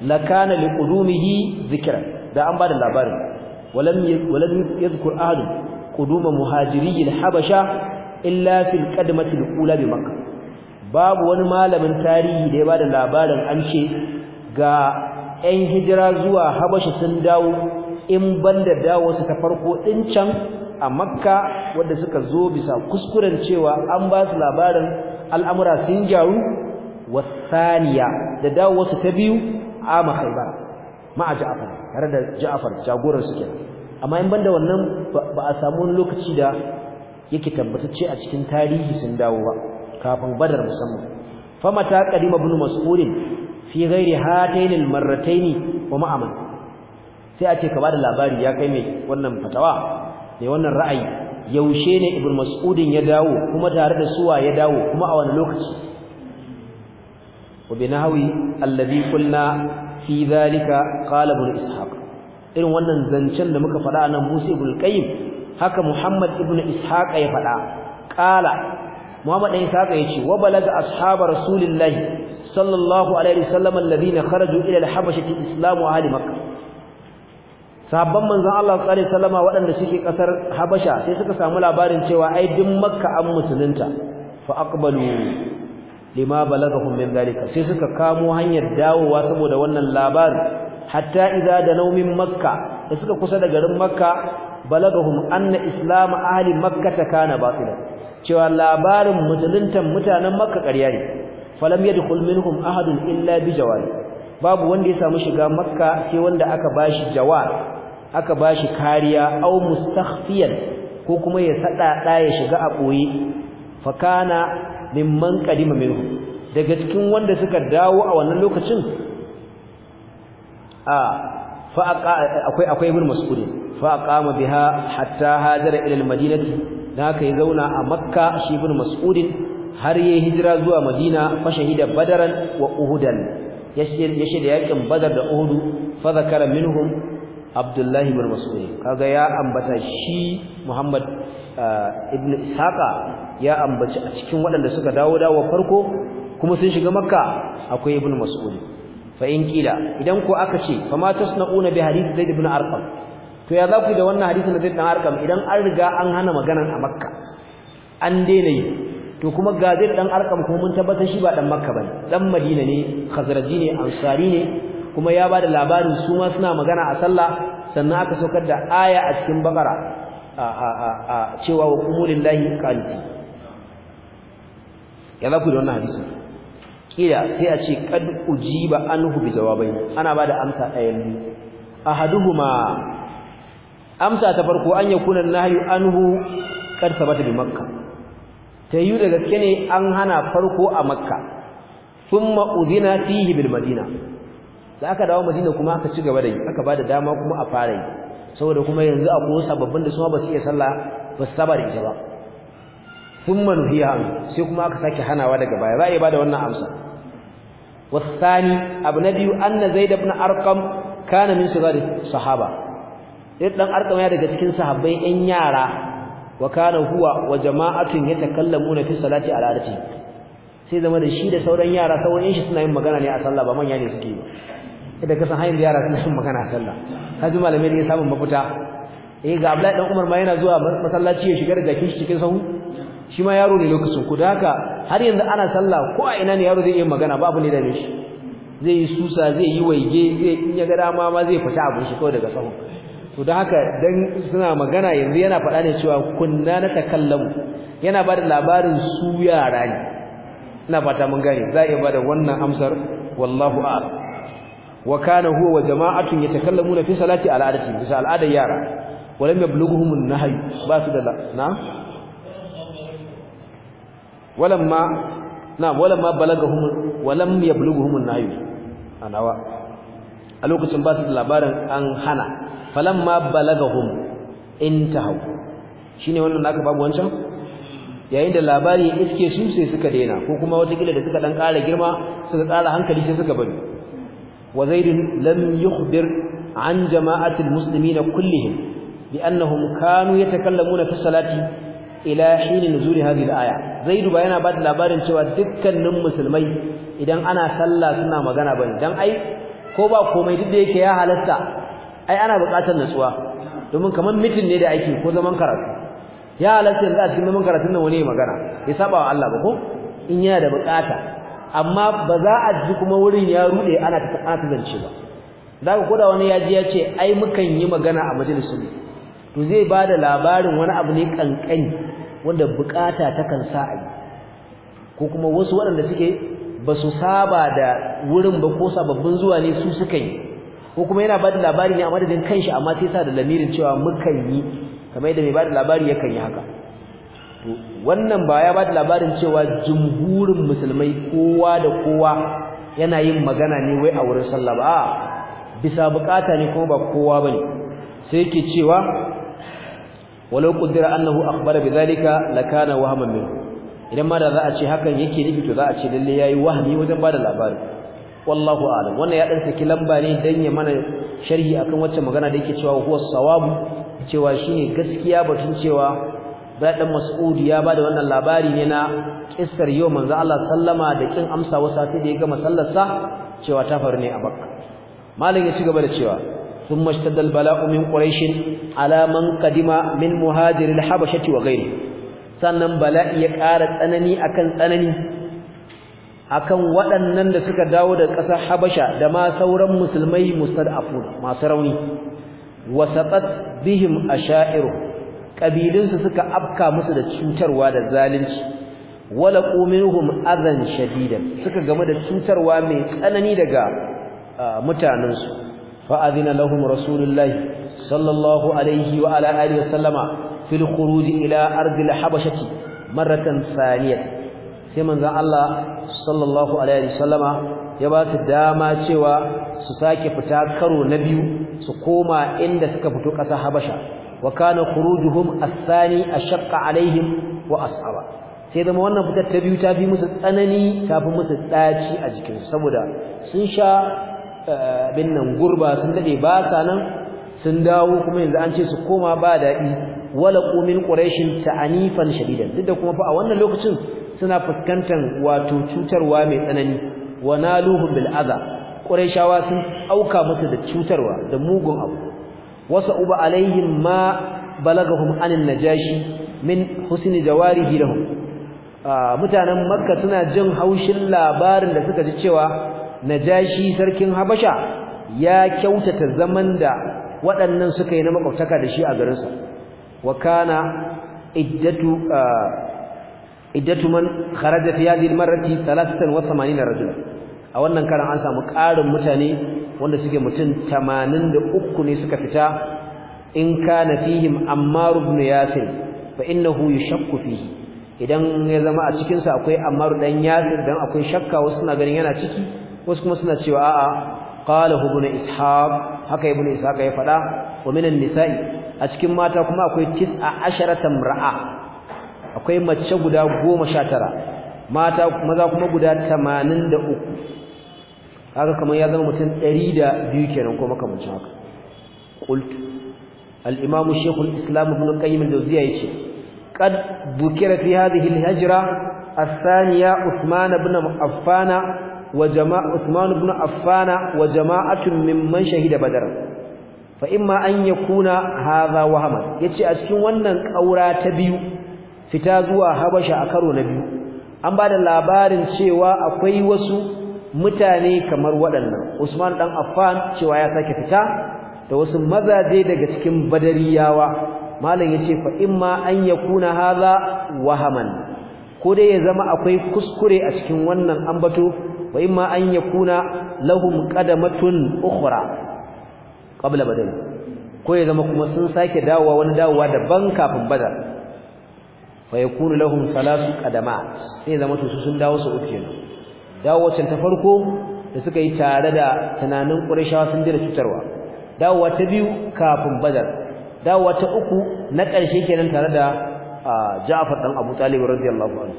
Speaker 1: lakana kana liqudumihi zikra da an bada labarin ولم ولم يذكر أحد قدوم مهاجري الحبشة إلا في القدمة الأولى بمكة باب wani malamin tarihi da ya ba da labarin an ce ga 'yan hijira zuwa Habasha sun dawo in banda dawo su ta farko din can a Makka wanda suka zo bisa kuskuren cewa an basu labarin al'amura sun gyaru wasaniya da dawo su ta biyu a Khaybar ma'a Ja'far tare da Ja'far jagoran su amma in banda wannan ba a samu wani lokaci da yake tabbatacce a cikin tarihi sun dawo ba kafin Badar musamman famata qadima ibn mas'ud fi ghairi hatayn al-marratayn wa ma'aman sai a ce ka bada labari ya kai mai wannan fatawa ne wannan ra'ayi yaushe ne ibn mas'ud ya dawo kuma tare da suwa ya dawo kuma a wani lokaci وبنحو alladhi قلنا fi zalika qala ibn ishaq irin wannan zancen da muka faɗa nan Musa ibn qayyim haka Muhammad ibn ishaq ya faɗa qala Muhammad ibn ishaq yace wa balaga ashabar rasulillahi sallallahu alaihi wasallam alladhina kharaju ila al-habashati islamu ahli makkah sabban manzon Allah sallallahu alaihi wasallama waɗanda suke kasar habasha sai suka samu labarin cewa ai duk makka an musulunta fa aqbalu lima balagahum min dalika sai suka kamo hanyar dawowa saboda wannan labari hatta idza da naumin makka da suka kusa da garin makka balagahum anna islam ahli makka ta kana batila cewa labarin musuluntan mutanen makka ƙarya ne falam yadkhul minhum ahadun illa bi babu wanda ya samu shiga makka sai wanda aka bashi jawar aka bashi kariya au mustakhfiyan ko kuma ya sada da ya shiga a boye fakana mimman kadima minhum daga cikin wanda suka dawo a wannan lokacin a fa akwai akwai ibn mas'ud fa aqama biha hatta hajara ila almadinati madinati haka ya zauna a makka shi ibn mas'ud har yayi hijira zuwa madina fa shahida badaran wa uhudan yashir yashir yakin badar da uhudu fa zakara minhum abdullahi ibn mas'ud kaga ya ambata shi muhammad ibnu ishaqa ya ambaci a cikin waɗanda suka dawo dawo farko kuma sun shiga makka akwai ibnu mas'ud fa in kila idan ko aka ce fa ma tasna'una bi hadith zaid ibn arqam to ya za da wannan na zaid ibn arqam idan an riga an hana maganan a makka an daina yi to kuma ga zaid dan arqam kuma mun tabbatar shi ba dan makka bane dan madina ne khazraji ne ansari ne kuma ya bada labarin su ma suna magana a sallah sannan aka saukar da aya a cikin bakara a cewa wa layi qanti ya za ku da wannan hadisi kila sai a ce kad ujiba an hubi jawabai ana ba da amsa ɗayan ma. amsa ta farko an yakuna nahyu anhu kad sabata bi makka yi da gaske ne an hana farko a makka thumma udhina fihi bil madina da aka dawo madina kuma aka ci gaba da yi aka da dama kuma a fara yi saboda kuma yanzu a ko sababbin da su ba su iya sallah ba su saba da ita ba thumma nuhiya sai kuma aka sake hanawa daga baya za a iya bada wannan amsa والثاني ابن نبي ان زيد بن kana min من sahaba الصحابه dan arkam ya daga cikin sahabbai yan yara wa kana huwa wa jama'atun yatakallamuna fi salati al-arti sai zama da shi da sauran yara sauran shi suna yin magana ne a sallah ba manya ne suke da kasan hayin da yara sun magana sallah kaji malamai ne samun mafita eh ga Abdullahi dan Umar ma yana zuwa masallaci ya shiga da kishi cikin sahu shi ma yaro ne lokacin ku Da haka har yanzu ana sallah ko a ina ne yaro zai yi magana babu ne da shi zai yi susa zai yi waige zai in ya ga dama ma zai fita abin shi kawai daga sahu to da haka dan suna magana yanzu yana faɗa ne cewa kunna na takallamu yana ba da labarin su yara ne ina fata mun gane za a iya da wannan amsar wallahu a'lam wa kana huwa wa jama'atun yatakallamuna fi salati al'adati bisa al'adar yara walam yablughuhum an-nahy ba su da na walamma na walamma balagahum walam yablughuhum an-nahy anawa a lokacin ba su da labarin an hana falamma balagahum intahu shine wannan naka babu wancan yayin da labari iske su sai suka daina ko kuma wata kila da suka dan ƙara girma suka kara hankali sai suka bari وغير لم يخبر عن جماعة المسلمين كلهم بأنهم كانوا يتكلمون في الصلاة إلى حين نزول هذه الآية زيد بيانا بعد لبارن شوى دكا نم مسلمي إذن أنا صلى سنة مغانا بني دان أي كوبا كومي ديك يا هلسة أي أنا بقاتا نسوا domin kaman mitin ne da aiki ko zaman karatu ya halatta yanzu a cikin zaman karatun nan wani magana ya saba wa Allah ba ko in yana da bukata amma ba za a ji kuma wurin ya rude ana ta ana ta zance ba zaka koda wani ya ji ya ce ai mukan yi magana a majalisun to zai bada labarin wani abu ne kankani wanda bukata ta kan sa yi ko kuma wasu waɗanda suke ba su saba da wurin ba ko sababbin zuwa ne su suka yi ko kuma yana bada labari ne a madadin kanshi amma sai sa da lamirin cewa mukan yi kamar yadda mai bada labari yakan yi haka wannan ba ya bada labarin cewa jumhurin musulmai kowa da kowa yana yin magana ne wai a wurin sallah ba bisa bukata ne kuma ba kowa bane sai yake cewa walau qaddara annahu akhbara bidhalika lakana wahman min idan ma da za a ce hakan yake nufi to za a ce lalle yayi wahmi wajen bada labari wallahu a'lam wannan ya dan saki lamba ne dan ya mana sharhi akan wacce magana da yake cewa huwa sawabu cewa shine gaskiya batun cewa Abdullahi dan Mas'ud ya bada wannan labari ne na kissar yau manzo Allah sallama da kin amsa wasa sai da ya gama sallarsa cewa ta faru ne a Makka malam ya ci gaba da cewa ثم اشتد البلاء من قريش على min قدم من مهاجر الحبشة وغيره sannan bala'i ya ƙara tsanani akan tsanani akan waɗannan da suka dawo da ƙasar Habasha da ma sauran musulmai mustad'afun masu rauni wasaqat bihim asha'ir ƙabilinsu suka afka musu da cutarwa da zalunci wala quminhum azan shadidan suka game da cutarwa mai tsanani daga mutanensu. fa adina lahum rasulullahi sallallahu alaihi wa ala alihi wa sallama fil khuruj ila ardil habashati marratan thaniyah sai manzon Allah sallallahu alaihi wa sallama ya ba su dama cewa su sake fita karo na biyu su koma inda suka fito ƙasar Habasha wa kana khurujuhum athani ashaqqa alaihim wa sai zama wannan fitar ta biyu ta bi musu tsanani ta fi musu ɗaci a jikinsu saboda sun sha bin nan gurba sun dade ba sa nan sun dawo kuma yanzu an ce su koma ba daɗi wala qumin quraishin ta'anifan shadidan duk da kuma fa a wannan lokacin suna fuskantar wato cutarwa mai tsanani wa naluhum bil adha quraishawa sun auka musu da cutarwa da mugun abu وصعب عليهم ما بلغهم عن النجاشي من حسن جواره لهم mutanen makka suna jin haushin labarin da suka ji cewa najashi sarkin habasha ya kyautata zaman da waɗannan suka yi na makwabtaka da shi a Wakana wa kana iddatu iddatu man kharaja fi hadhihi al-marrati 83 rajulan a wannan karan an samu ƙarin mutane wanda suke mutum 83 ne suka fita in kana fihim ammar ibn yasir fa innahu yashakku fihi idan ya zama a cikin sa akwai ammar dan yasir dan akwai shakka wasu suna ganin yana ciki wasu kuma suna cewa a'a qala ibn ishaq haka ibn ishaq ya fada wa minan nisa'i a cikin mata kuma akwai tis'a asharata mar'a akwai mace guda 19 mata maza kuma guda 83 kaga kamar ya zama mutum 102 kenan ko makamancin haka qult al-imam shaykh al-islam ibn qayyim al-jawziyya yace
Speaker 2: qad dhukira fi hadhihi al-hijra
Speaker 1: الثانية عثمان بن عفان وجماعة عثمان بن عفان وجماعة ممن شهد بدرا فإما أن يكون هذا وهما yace a cikin wannan ƙaura ta biyu fita zuwa habasha a karo na biyu an ba da labarin cewa akwai wasu mutane kamar waɗannan Usman dan Affan cewa ya sake fita da wasu mazaje daga cikin badariyawa malam yace fa imma an yakuna hadha wahaman ko dai ya zama akwai kuskure a cikin wannan ambato wa imma an yakuna lahum qadamatun ukhra qabla badal ko ya zama kuma sun sake dawowa wani dawowa daban kafin badar, fa kuna lahum thalath qadamat sai zama to sun dawo su uku kenan dawowacin ta farko da suka yi tare da tunanin Qurayshawa sun dira cutarwa dawowa ta biyu kafin Badar dawowa ta uku na ƙarshe kenan tare da Ja'far dan Abu Talib radiyallahu anhu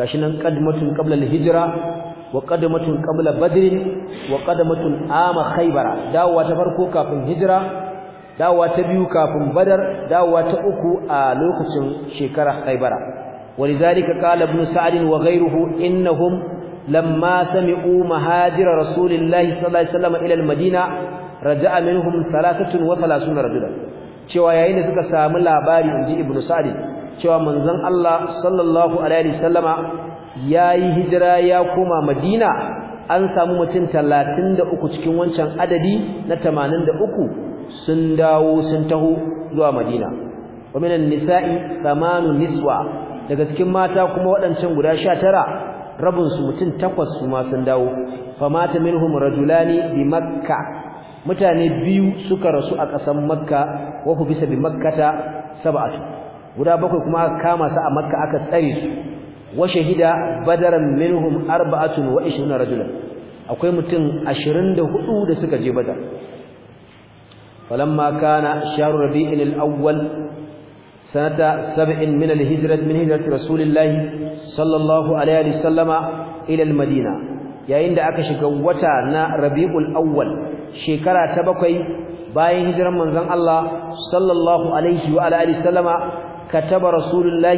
Speaker 1: gashi nan qadmatun qabla al-hijra wa qadmatun qabla badr wa qadmatun ama haibara. dawowa ta farko kafin hijira dawowa ta biyu kafin badar dawowa ta uku a lokacin shekarar haibara. ولذلك قال ابن سعد وغيره إنهم لما سمعوا مهاجر رسول الله صلى الله عليه وسلم إلى المدينة رجع منهم ثلاثة وثلاثون رجلا cewa yayin da suka samu labari inji ibnu sa'id cewa manzon Allah sallallahu alaihi wasallama yayi hijira ya koma Madina an samu mutum 33 cikin wancan adadi na 83 sun dawo sun taho zuwa Madina wa minan nisa'i thamanu niswa daga cikin mata kuma waɗancan guda sha tara rabin su mutum takwas su ma sun dawo famata minhum rajulani bi makka mutane biyu suka rasu a ƙasar makka wa hu bisa bi makkata sab'atu guda bakwai kuma aka kama su a makka aka tsare su wa shahida badaran minhum arba'atun wa 20 rajulan akwai mutum 24 da suka je badar falamma kana sharu rabi'il awwal sanata sab'in min al-hijrat min rasulillah sallallahu alaihi wasallama ila al-madina yayin da aka shiga wata na rabiul awwal shekara ta bakwai bayan hijiran manzon Allah sallallahu alaihi wa alihi kataba rasulullah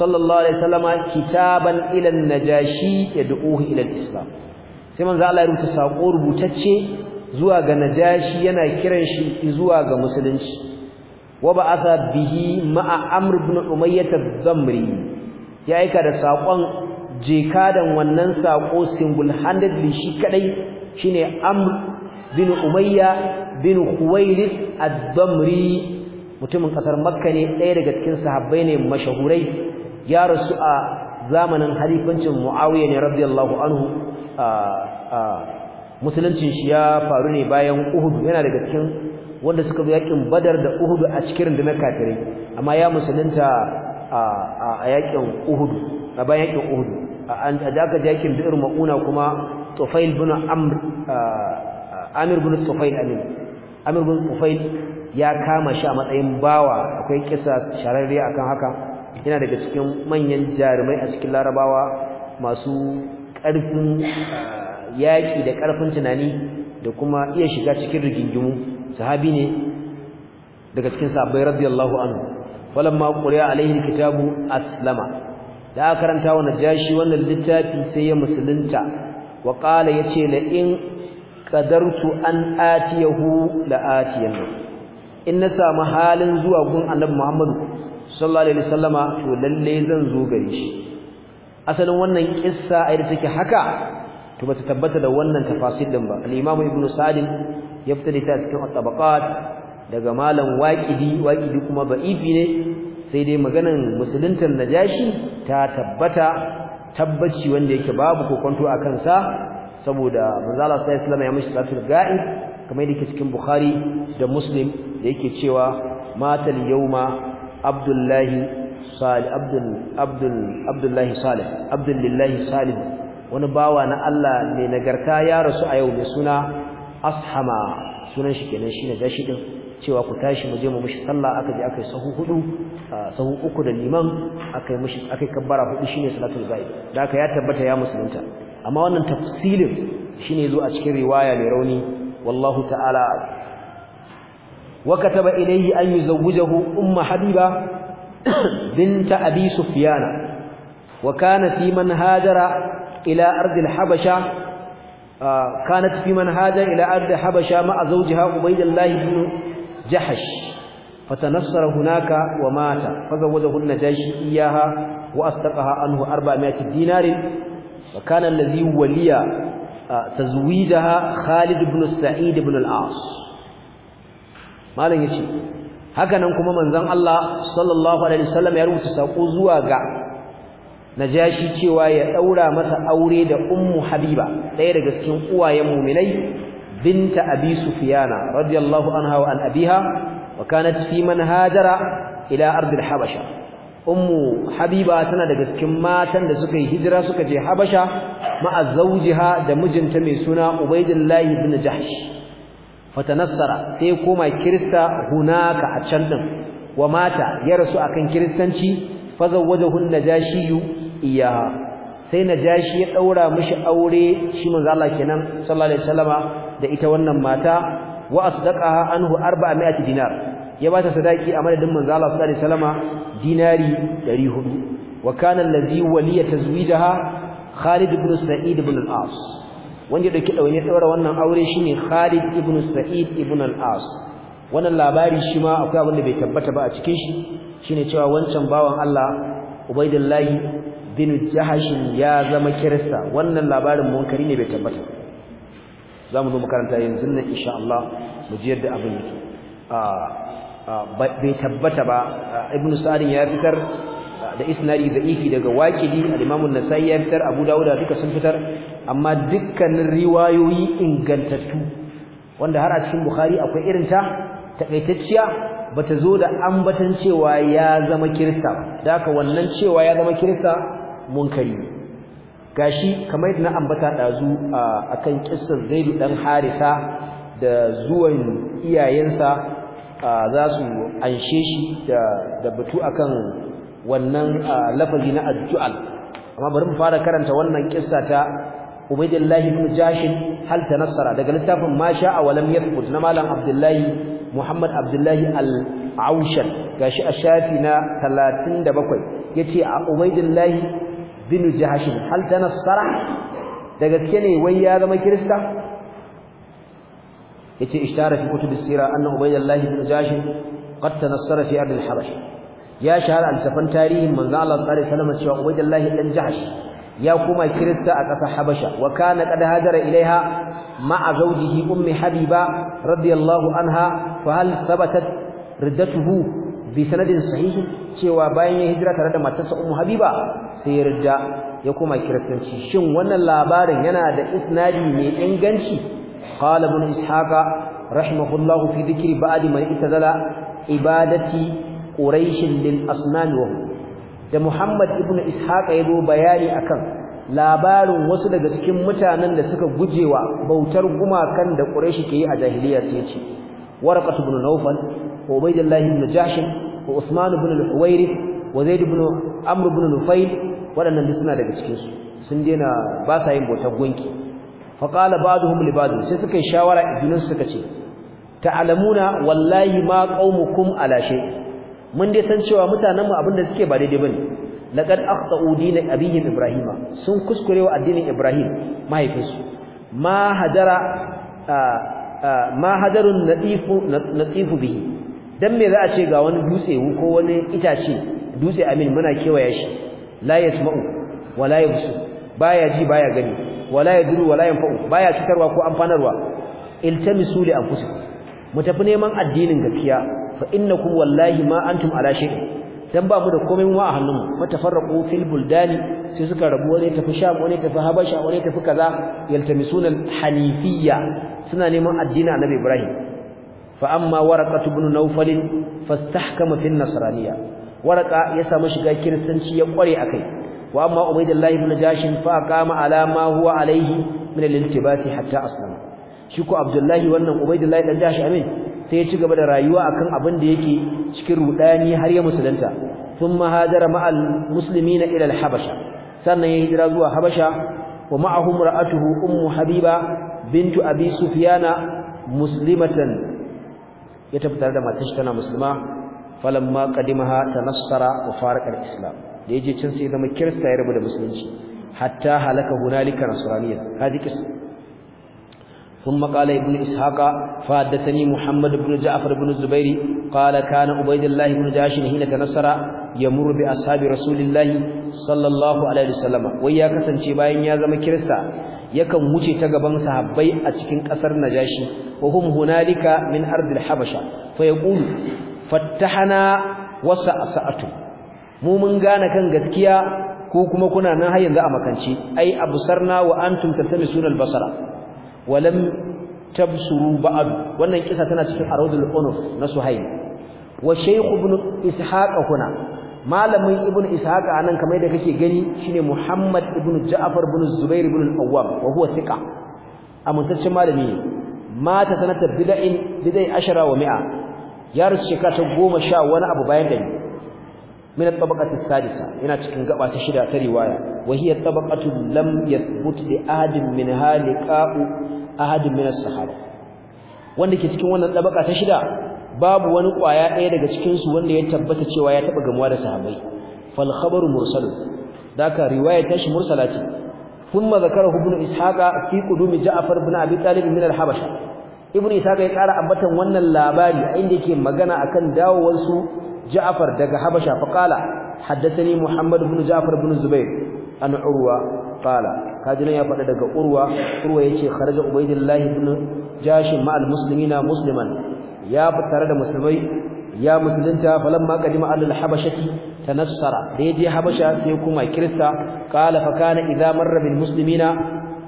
Speaker 1: sallallahu alaihi wasallama kitaban ila najashi yad'uhu ila al-islam sai manzon Allah ya rubuta sako rubutacce zuwa ga najashi yana kiran shi zuwa ga musulunci wa ba'atha bihi ma a Amur umayyah az-zamri ya aika da sakon jekadan wannan sako single handedly shi kadai shine amr bin umayya bin Kuwaili az-zamri mutumin kasar makka ne ɗaya daga cikin sahabbai ne mashahurai ya rasu a zamanin halifancin muawiya ne radiyallahu anhu musulunci shi ya faru ne bayan uhud yana daga cikin wanda suka zo yakin badar da uhud a cikin na kafire, amma ya musulunta a yakin uhud a bayan yakin uhud a daga yakin bi'r mauna kuma tufail bin amr amir bin tufail amin amir bin tufail ya kama shi a matsayin bawa akwai kisa shararre akan haka yana daga cikin manyan jarumai a cikin larabawa masu ƙarfin yaƙi da ƙarfin tunani da kuma iya shiga cikin rigingimu sahabi ne daga cikin sahabbai radiyallahu anhu falamma quriya alaihi kitabu aslama da aka karanta wa najashi wannan littafi sai ya musulunta wa qala yace la in qadartu an atiyahu la atiyanna in na samu halin zuwa gun annabi Muhammad sallallahu alaihi wasallama to lalle zan zo gare shi asalin wannan kissa ai da take haka to bata tabbata da wannan tafasil din ba al-imamu ibnu sa'd ya fita cikin tabaqat daga malam waqidi waqidi kuma ba'ifi ne sai dai maganan musuluntan najashi ta tabbata tabbaci wanda yake babu kokonto a kansa saboda manzo sallallahu alaihi wasallam ya mishi tafsir ga'ib kamar yadda yake cikin bukhari da muslim da yake cewa matal yawma abdullahi salih abdul abdul abdullahi salih salih wani bawa na Allah ne nagarta ya rasu a yau mai suna ashama sunan shi kenan shine gashi din cewa ku tashi mu je mu mishi sallah aka je aka yi sahu hudu sahu uku da liman aka yi mishi aka yi kabbara hudu shine salatul ghaib da aka ya tabbata ya musulunta amma wannan tafsilin shine zo a cikin riwaya mai rauni wallahu ta'ala wa kataba ilayhi an yuzawwijahu umma habiba [COUGHS] binta abi sufyana wa kana fi man hajara ila ardil habasha kanat fi man haja ila ardil habasha ma zawjiha ubaydullah ibn jahash fatanassara hunaka wa mata fazawwajahu an-najashi iyaha wa astaqaha anhu 400 dinarin wa kana allazi waliya tazwijaha Khalid ibn Sa'id ibn al-As malam yace haka nan kuma manzon Allah sallallahu alaihi wasallam ya rubuta sako zuwa ga najashi cewa ya daura masa aure da ummu habiba ɗaya daga cikin uwayen mu'minai binta abi sufyana radiyallahu anha wa an abiha wa kanat fi man hajara ila ardil habasha ummu habiba tana daga cikin matan da suka yi hijira suka je habasha ma'a zawjiha da mijinta mai suna ubaidullahi ibn jahsh fatanassara sai koma kirista hunaka a can din wa mata ya rasu akan kiristanci fazawwajahu an-najashiyyu iyaha sai najashi ya daura mishi aure shi manzo Allah kenan sallallahu alaihi wasallama da ita wannan mata wa asdaqaha anhu 400 dinar ya bata sadaki a madadin manzo Allah sallallahu alaihi wasallama dinari 400 wa kana allazi waliya tazwijaha Khalid ibn Sa'id ibn al-As wanda dauki daune daura wannan aure shine Khalid ibn Sa'id ibn al-As wannan labari shi ma akwai abin da bai tabbata ba a cikin shi shine cewa wancan bawan Allah Ubaidullahi bin jahashin ya zama kirista wannan labarin munkari ne bai tabbata za mu zo makaranta yanzu nan insha Allah mu ji yadda abin yake ah, ah, bai tabbata ba ibn sa'adin ya fitar da isnadi da ifi daga waqidi al-imam an-nasai ya fitar abu dawud duka sun fitar amma dukkanin riwayoyi ingantattu wanda har a cikin bukhari akwai irin ta takaitacciya bata zo da ambatan cewa ya zama kirista da haka wannan cewa ya zama kirista munkari gashi kamar yadda na ambata dazu akan kissar Zaid dan Haritha da zuwan iyayensa za su anshe shi da da batu akan wannan lafazi na addu'al amma bari mu fara karanta wannan kissa ta Ubaydillah ibn Jashin hal tanassara daga littafin ma sha'a wa lam na malam Abdullahi Muhammad Abdullahi al-Aushan gashi a shafi na 37 yace a Ubaydillah bin jahash hal tanassara da gaske ne wai ya zama kirista yace ishtara fi kutub sira anna ubaydullah bin jahash qad tanassara fi ard habash ya shahara al-tafan tarihin manzo Allah sallallahu alaihi wasallam cewa ubaydullah dan jahash ya kuma kirista a ƙasar habasha wa kana qad hajara ilaiha ma'a zawjihi ummi habiba radiyallahu anha fa hal thabatat riddatuhu bi sanadin sahihi cewa bayan ya hijira tare da matarsa Ummu Habiba sai ya rida ya koma kiristanci shin wannan labarin yana da isnadi mai inganci qala ibn ishaqa rahimahullahu fi dhikri ba'd man itazala ibadati quraish lil asnam wa da Muhammad ibn ishaqa zo bayani akan labarin wasu daga cikin mutanen da suka gujewa bautar gumakan da quraish ke yi a jahiliya sai ya ce warqat ibn nawfal وعبيد الله بن جاش وعثمان بن الحويرث وزيد بن عمرو بن نفيل waɗannan duk daga cikin su sun daina ba sa yin bota gunki fa qala ba'dhum li ba'd sai suka yi shawara idunan suka ce ta'lamuna wallahi ma qaumukum ala shay mun dai san cewa mutanen mu abinda suke ba daidai bane laqad akhta'u din abihim ibrahima sun kuskure wa addinin ibrahim mahaifinsu ma hadara ma hadarun natifu natifu bihi dan me za a ce ga wani dutse ko wani itace dutse amin muna kewaye shi la yasma'u wala yabsu baya ji baya gani wala yadru wala yanfa'u baya cikarwa ko amfanarwa iltamisu li anfusikum mu tafi neman addinin gaskiya fa innakum wallahi ma antum ala shay'in dan ba mu da komai mu a hannunmu matafarraqu fil buldani sai suka rabu wani tafi sham wani tafi habasha wani tafi kaza yaltamisuna hanifiyya suna neman addinin annabi ibrahim fa amma waraqatu ibn nawfal fastahkama fi nasraniyya waraqa ya samu shiga kiristanci ya kware akai wa amma ubaydullah ibn jashin fa qama ala ma huwa alayhi min al hatta aslama shi ko abdullahi wannan ubaydullah dan jashi amin sai ya ci gaba da rayuwa akan abin da yake cikin rudani har ya musulunta thumma hajara ma'al muslimina ila al-habasha sannan ya hijira zuwa habasha wa ma'ahum ra'atuhu ummu habiba bintu abi sufyana muslimatan ya tafi da matar shi tana musulma falamma qadimaha tanassara wa farqa al-islam da yaje cin sai zama kirista ya rabu da musulunci hatta halaka hunalika nasraniyya hadi kis ثم قال ابن إسحاق فحدثني محمد بن جعفر بن الزبير قال كان عبيد الله بن جاشن حين تنصر يمر بأصحاب رسول الله صلى الله عليه وسلم ويا كسنتي باين يا زما كريستا yakan wuce ta gaban sahabbai a cikin kasar najashi wa hum hunalika min ardil habasha fa yaqulu fattahana wasa asatu mu mun gane kan gaskiya ko kuma kuna nan har yanzu a makance ai absarna wa antum tatamisuna albasara wa lam tabsuru ba'd wannan kisa tana cikin aradul unuf na suhayl wa shaykh ibn ishaq kuna malamin ibnu ishaq anan kamar da kake gani shine muhammad ibnu ja'far ibn zubair bin al-awwam wa huwa thiqa amintaccen malami mata sanata bid'in bid'ai ashara wa mi'a ya shekara ta goma sha wani abu bayan da ni min at sadisa yana cikin gaba ta shida ta riwaya wa hiya tabaqatu lam yathbut li ahadin min halika'u ahadin min as-sahaba wanda ke cikin wannan tabaka ta shida babu wani kwaya ɗaya daga cikin su wanda ya tabbata cewa ya taɓa gamuwa da sahabbai fal khabaru mursalun daka riwaya ta shi mursala ce thumma zakarahu ibn ishaqa fi qudumi ja'far ibn abi talib min al-habasha ibn ishaqa ya ƙara ambatan wannan labari inda yake magana akan dawowar su ja'far daga habasha fa qala haddathani muhammad ibn ja'far ibn zubair an urwa qala kaji ya faɗa daga urwa urwa yace kharaja ubaydillah ibn jashin ma al-muslimina musliman ya tare da musulmai ya musulunta falamma qadima alal habashati tanassara da yaje habasha sai kuma kirista qala fa kana idza marra bil muslimina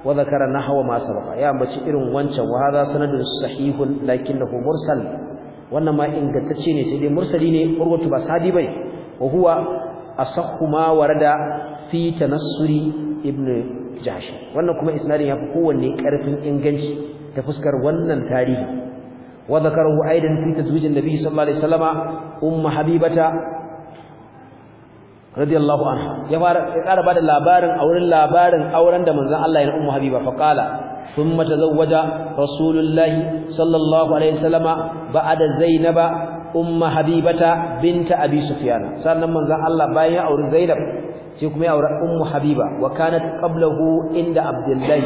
Speaker 1: wa dhakara nahwa ma sabaqa ya ambaci irin wancan wa hadha sanadun sahihun lakinnahu mursal wannan ma ingantacce ne sai dai mursali ne urwatu ba sadi bai wa huwa asahhu ma warada fi tanassuri ibnu jahsh wannan kuma isnadin yafi kowanne karfin inganci ta fuskar wannan tarihi وذكره أيضا في تزويج النبي صلى الله عليه وسلم أم حبيبة رضي الله عنها يقال بعد اللابار أو اللابار أو رند من ذا الله أم حبيبة فقال ثم تزوج رسول الله صلى الله عليه وسلم بعد زينب أم حبيبة بنت أبي سفيان سألنا من ذا الله بايا أو زينب سيكمي أو أم حبيبة وكانت قبله عند عبد الله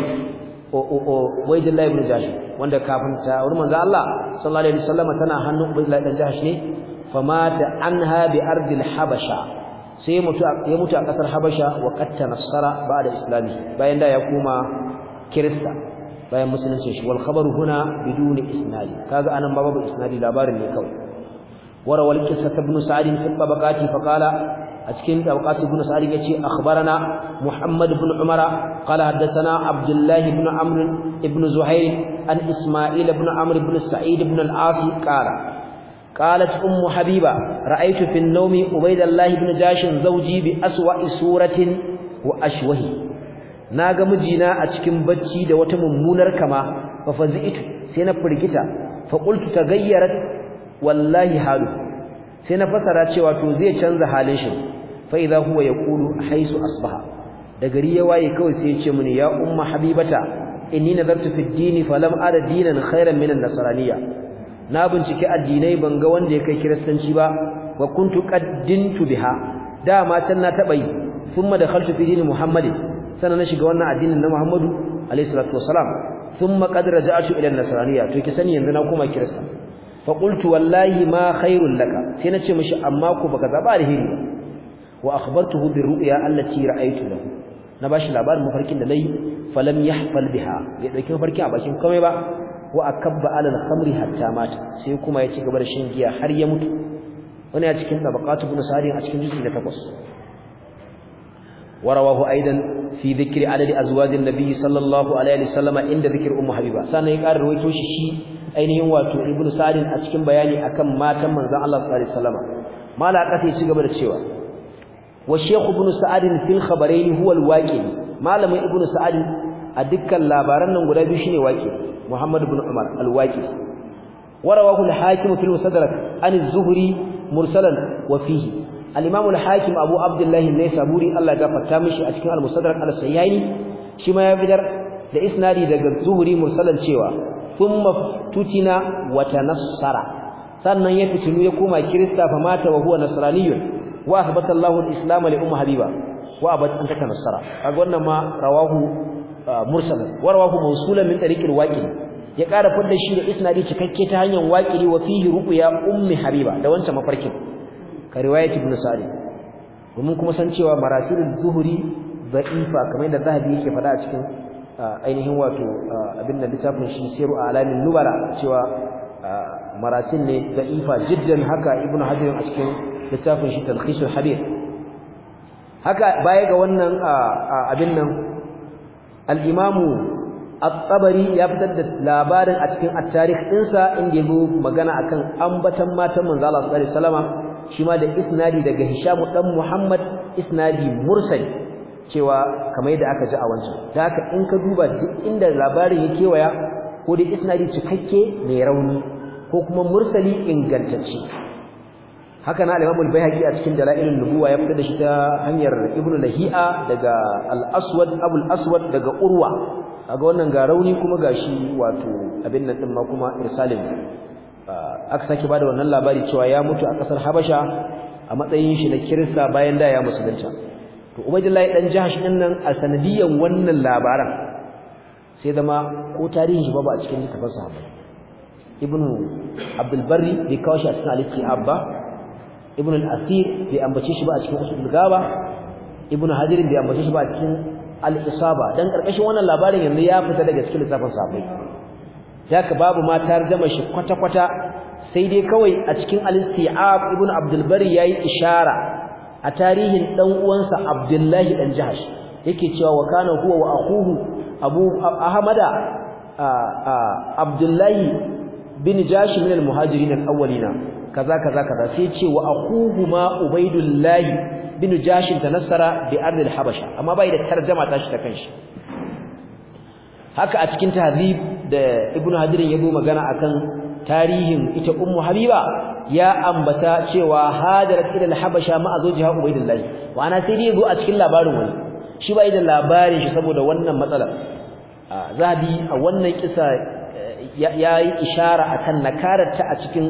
Speaker 1: Ubaydillah ibn Jahsh wanda kafin ta wurin manzo Allah sallallahu alaihi wasallam tana hannun Ubaydillah ibn Jahsh ne famata anha bi ardil habasha sai mutu ya mutu a kasar habasha wa nasara ba ba'da islami bayan da ya koma kirista bayan musulunci shi wal khabaru huna bidun isnadi kaga anan babu isnadi labarin ne kawai warawal qissat ibn sa'id fi tabaqati fa qala a cikin tawqas ibn sa'id yace akhbarana muhammad ibn umara qala haddathana abdullah ibn amr ibn zuhair an isma'il ibn amr Ƙara sa'id ibn Habiba, as qala قالت أم حبيبة رأيت في النوم عبيد الله بن جاش زوجي بأسوأ صورة وأشوه naga mijina a cikin bacci da wata mummunar kama fa fazi'tu sai na firgita fa qultu tagayyarat wallahi halu sai na fasara cewa to zai canza halin shi fa idza huwa yaqulu haisu asbaha da gari ya waye kawai sai ya ce mini ya umma habibata inni nazartu fi dini falam ara dinan khairan min an-nasraniyya na bincike addinai ban ga wanda ya kai kiristanci ba wa kuntu qaddintu biha dama can na taba yi thumma dakhaltu fi dini muhammadin Sana na shiga wannan addinin na muhammadu alayhi salatu wassalam thumma qad raja'tu ila an-nasraniyya to ki sani yanzu na koma kirista fa qultu wallahi ma khairul laka sai nace mishi amma ku baka zaba alheri ba wa akhbartuhu bi ru'ya allati ra'aytu lahu na bashi labarin mafarkin da nayi falam yahfal biha ya dauki mafarkin a bakin komai ba wa akabba ala al-khamri hatta mata sai kuma ya ci gaba da shan giya har ya mutu wani a cikin tabaqatu ibn sari a cikin juz'i na 8 ورواه أيضا في ذكر عدد أزواج النبي صلى الله عليه وسلم عند ذكر أم حبيبة سنة يقال رويته shi. ainihin wato ibnu sa'id a cikin bayani akan matan manzon Allah sallallahu alaihi wasallam mala kafi ci gaba da cewa wa shaykh ibnu sa'id fil khabarain huwa al malamin ibnu sa'id a dukkan labaran nan guda biyu shine waqi muhammad ibn umar al-waqi warawahu al-hakim fil musaddarak an az-zuhri mursalan wa fihi al-imam al-hakim abu abdullah an-naisaburi Allah ya fata mishi a cikin al-musaddarak al-sayyani shi ma ya fitar da isnadi daga zuhri mursalan cewa thumma tutina wa tanassara sannan ya fitinu ya koma kirista fa mata wa huwa nasraniyyun wa ahbata Allahu al-islam li ummu habiba wa abat an taka nasara kaga wannan ma rawahu ah, mursal wa rawahu mawsulan min tariqil waqi ya ƙara fadda shi da isnadi cikakke ta hanyar waqi wa fihi ruqya ummi habiba da wancan mafarkin ka riwayat ibn sa'id domin kuma san cewa zuhuri zuhri da'ifa kamar da zahabi yake faɗa a cikin ainihin wato abin da littafin shi siru a alamin nubara cewa marasin ne da ifa jiddan haka ibnu hajar a cikin littafin shi talkhisul habir haka baya ga wannan abin nan al-imamu at-tabari ya fitar da labarin a cikin at-tarikh dinsa inda yazo magana akan ambatan matan manzo Allah sallallahu alaihi shi ma da isnadi daga Hisham dan Muhammad isnadi mursali cewa kamar da aka ji a wancan da haka in ka duba duk inda labarin ya kewaya ko dai isnadi cikakke mai rauni ko kuma mursali ingantacce haka na Alimamul imam al a cikin Dalailun Nubuwa ya fitar da shi ta hanyar Ibn Lahi'a daga al-Aswad aswad daga Urwa kaga wannan ga rauni kuma gashi wato abin nan din ma kuma irsalin ah, aka saki bada wannan labari cewa ya mutu a kasar Habasha a matsayin shi na Kirista bayan da ya musulunta to ubaidullahi dan jahash din nan a sanadiyan wannan labaran sai zama ko tarihin shi ba ba a cikin littafin sahabbai ibnu abdul barri bai kawo shi a cikin al-ittihab ba ibnu al-asir bai ambace shi ba a cikin usul gaba ibnu hajar bai ambace shi ba a cikin al-isaba dan karkashin wannan labarin yanzu ya fita daga cikin littafin sahabbai haka babu ma tarjama shi kwata kwata sai dai kawai a cikin al-ittihab ibnu abdul barri yayi ishara a tarihin dan uwansa Abdullahi dan Jahash yake cewa wa kana huwa wa akuhu Abu Ahmada Abdullahi bin Jahash min al-muhajirin al-awwalina kaza kaza kaza sai ce wa akuhu ma Ubaidullahi bin Jahash tanassara bi ardil Habasha amma bai da tarjuma tashi ta kanshi haka a cikin tahdhib da Ibn Hajar ya zo magana akan tarihin ita ummu habiba ya ambata cewa hadarat ila alhabasha habasha ma azwajiha ubaydillah wa ana sai dai zo a cikin labarin wani shi bai da labarin shi saboda wannan matsalar zabi a wannan kisa ya yi ishara akan nakararta a cikin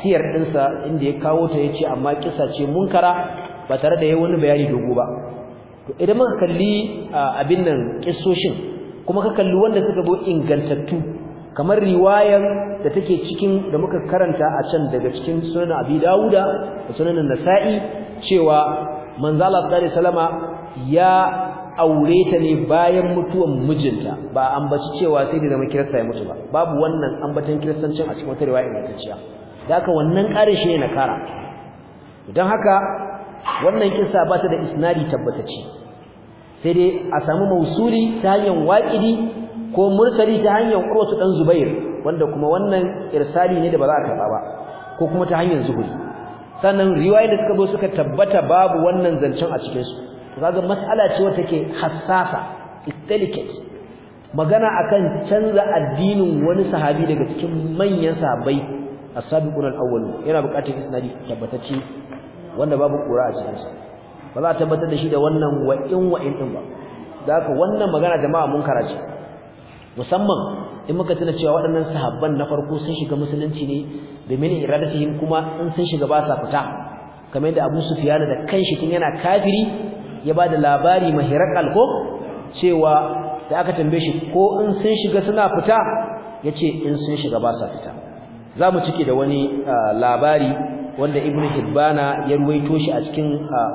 Speaker 1: siyar dinsa inda ya kawo ta yace amma kisa ce munkara ba tare da yayi wani bayani dogo ba to idan muka kalli abin nan kissoshin kuma ka kalli wanda suka zo ingantattu kamar riwayar da take cikin da muka karanta a can daga cikin sunan abi dauda da sunan nasa'i cewa manzo Allah sallallahu alaihi ya aure ta ne bayan mutuwan mijinta ba ambaci cewa sai da zama kirista ya mutu ba babu wannan ambatan kiristancin a cikin wata riwaya ingantacciya da haka wannan ƙarin ne na kara don haka wannan kissa ba ta da isnadi tabbatacce sai dai a samu mausuli ta hanyar waƙidi ko mursali ta hanyar Urwatu dan Zubair wanda kuma wannan irsali ne da ba za a karba ba ko kuma ta hanyar Zuhri sannan riwaya da suka zo suka tabbata babu wannan zancen a cikin su kaga mas'ala ce wata ke hassasa it's delicate magana akan canza addinin wani sahabi daga cikin manyan sahabbai as-sabiqun al-awwal yana buƙatar isnadi tabbatacce wanda babu ƙura a cikin sa ba za a tabbatar da shi da wannan wa'in wa'in din ba da haka wannan magana jama'a mun karace musamman in muka tuna cewa waɗannan sahabban na farko sun shiga musulunci ne domin iradatihim kuma in sun shiga ba sa fita kamar yadda Abu Sufiyana da kanshi tun yana kafiri ya ba da labari mahirar alko cewa da aka tambaye shi ko in sun shiga suna fita yace in sun shiga ba sa fita zamu cike da wani labari wanda Ibn Hibbana ya ruwaito shi a cikin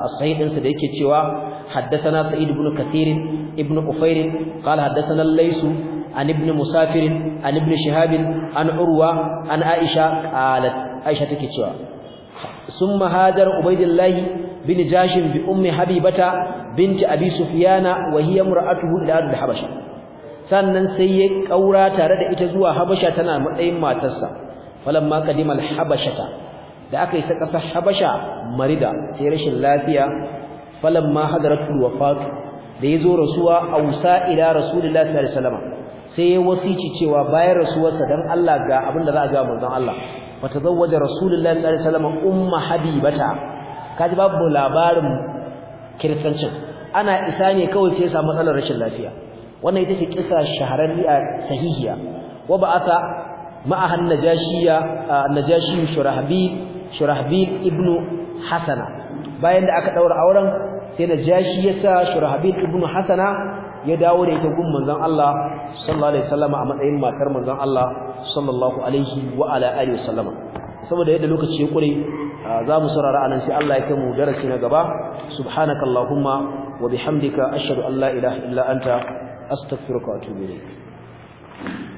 Speaker 1: as ɗinsa da yake cewa حدثنا سعيد بن كثير ابن أفير Haddasa na Laisu. عن ابن مسافر عن ابن شهاب عن عروة عن عائشة قالت عائشة تكتشوا ثم هاجر عبيد الله بن جاشم بأم حبيبة بنت أبي سفيان وهي امرأته إلى أرض sannan sai ya kaura tare da ita zuwa Habasha tana matsayin matarsa ma kadimal habashata da aka isa kasar Habasha marida sai rashin lafiya falamma hadaratul wafatu da yazo rasuwa ausa ila rasulillahi sallallahu alaihi wasallam sai ya wasici cewa bayan rasuwarsa dan Allah ga abin da za a ga manzon Allah fatazawwaja rasulullahi sallallahu alaihi wasallam umma habibata kaji babu labarin kirkancin ana isa ne kawai sai ya samu matsalar rashin lafiya wannan ita ce kisa a sahihiya wa ba'atha ma'aha najashiya najashi shurahbi shurahbi ibnu hasana bayan da aka daura auren sai najashi ya sa shurahbi ibnu hasana ya dawo da ita gun manzon Allah sallallahu alaihi wasallama a matsayin matar manzon Allah sallallahu alaihi wa ala alihi wasallama saboda yadda lokaci ya kure za mu saurara anan sai Allah ya kai mu darasi na gaba subhanakallahumma wa bihamdika ashhadu an la ilaha illa anta astaghfiruka wa atubu